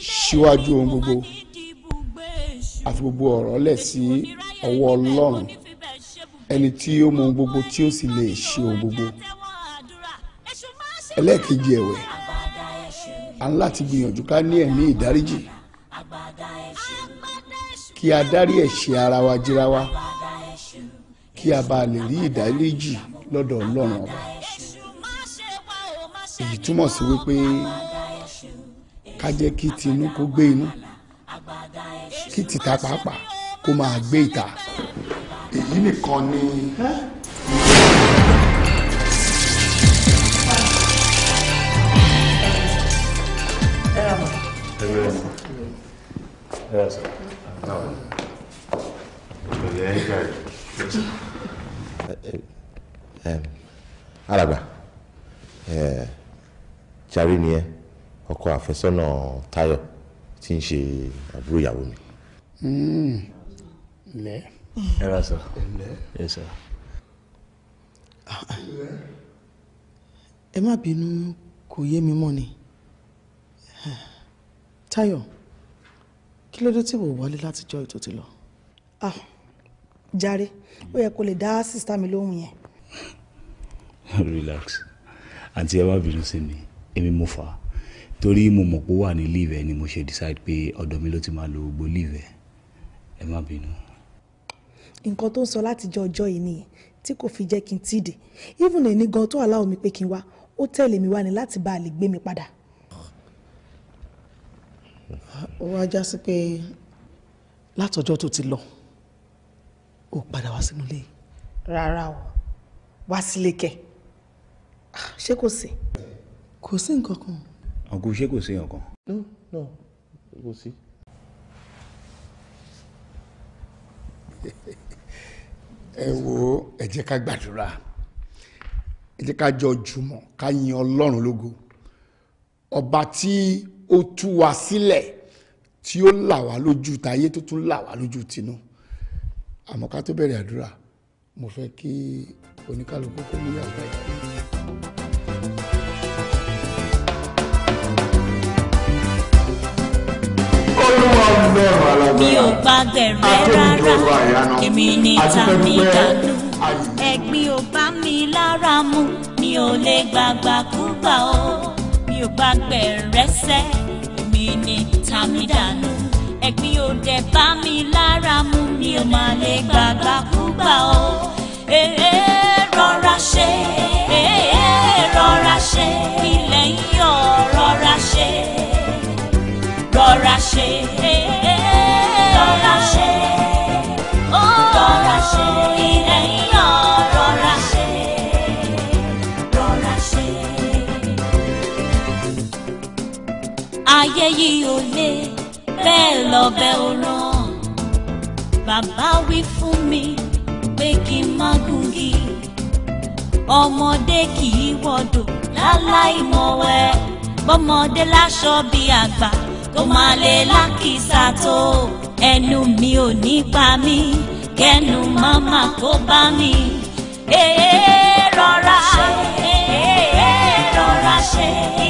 síwájú ohun gbogbo àfi gbogbo ọ̀rọ̀ lẹ̀ sí ọwọ́ ọlọ́run ẹni tí ó mọ ohun gbogbo tí ó sì lè ṣe ohun gbogbo ẹlẹ́ẹ̀kejì ẹ̀wẹ̀ à ń láti gbìyànjú ká ní ẹ̀mí ìdáríjì kí a dárí ẹ̀ṣẹ̀ ara wa jìra wa kí a bá lè rí ìdáríjì lọ́dọ̀ ọlọ́run ọba èyí túmọ̀ sí wípé ká jẹ́ kí ti inú kó gbé inú kí tìta pàápàá kó máa gbé ìta. èyí nìkan ni. alàgbà jàre nìyẹn ọkọ àfẹ́sọ́nà tayo, tí ń ṣe àbúrò ìyàwó mi. Hmm. ǹlẹ́. ẹ rà sọ ẹ sọ. ẹ má bínú kò yé mi mọ́ ni Táyọ̀ kí ló dé tí wò wọlé látijọ́ ètò ti lọ. ah jàre ó yẹ kó lè dá sísá mi lóhùn yẹn. relax àǹtí ẹ má bínú sí mi èmi mo fà á torí mo mọ̀ pé ó wà ní leave ẹ̀ ni mo ṣe decide pé ọ̀dọ̀ mi ló ti máa lo gbogbo leave ẹ̀ ẹ má bínú. nǹkan tó ń sọ láti jọ ọjọ́ yìí nìyẹn tí kò fi jẹ́ kí n tíì dé even èmi gan tó allow mi pé kí n wá ó tẹ̀lé mi wá ni láti bá a lè gbé mi padà. ó wá já sí pé látọjọ́ tó ti lọ ó padà wá sínú ilé. rárá o wá sílé kẹ ah, ṣé kò sí. kò sí nǹkan kan ọ̀gùn ṣé kò sí ọ̀kan. no no kò sí. ẹ wo ẹ jẹ́ ká gbàdúrà ẹ jẹ́ ká jọ jùmọ̀ ká yin ọlọ́run lógo ọba tí ó tú wa sílẹ̀ tí o là wá lójú tayé tó tún là wá lójú tinú àmọ́ ká tó bẹ̀rẹ̀ àdúrà mo fẹ́ kí oníkálukú kó níyàwó ẹ̀. mi ò gbàgbé rẹ rárá èmi ní tàbí dànù ẹ̀gbin ò bá mi lára mu mi ò lè gbàgbà kúgbà o mi ò gbàgbé rẹ sẹ́ èmi ní tàbí dànù ẹ̀gbin ò dẹ̀ bá mi lára mu mi ò má lè gbàgbà kúgbà o èè rọra ṣe èè rọra ṣe ilẹ̀ ń yọ̀ rọra ṣe. Tọ́ra ṣe. Tọ́ra ṣe. Tọ́ra ṣe. Ilẹ̀ Ayé yìí ò lè bẹ́ẹ̀ lọ́bẹ̀ ò ràn. Bàbá wí fún mi pé kí n má gungi. Ọmọdé kì í wọdò láláì mọ̀wẹ́. Bọ́mọdé láṣọ bí àgbà tó máa lè lákìsà tó ẹnu mi ò ní pa mí kẹnu máma kó bá mi. èé rọra ṣe èé rọra ṣe.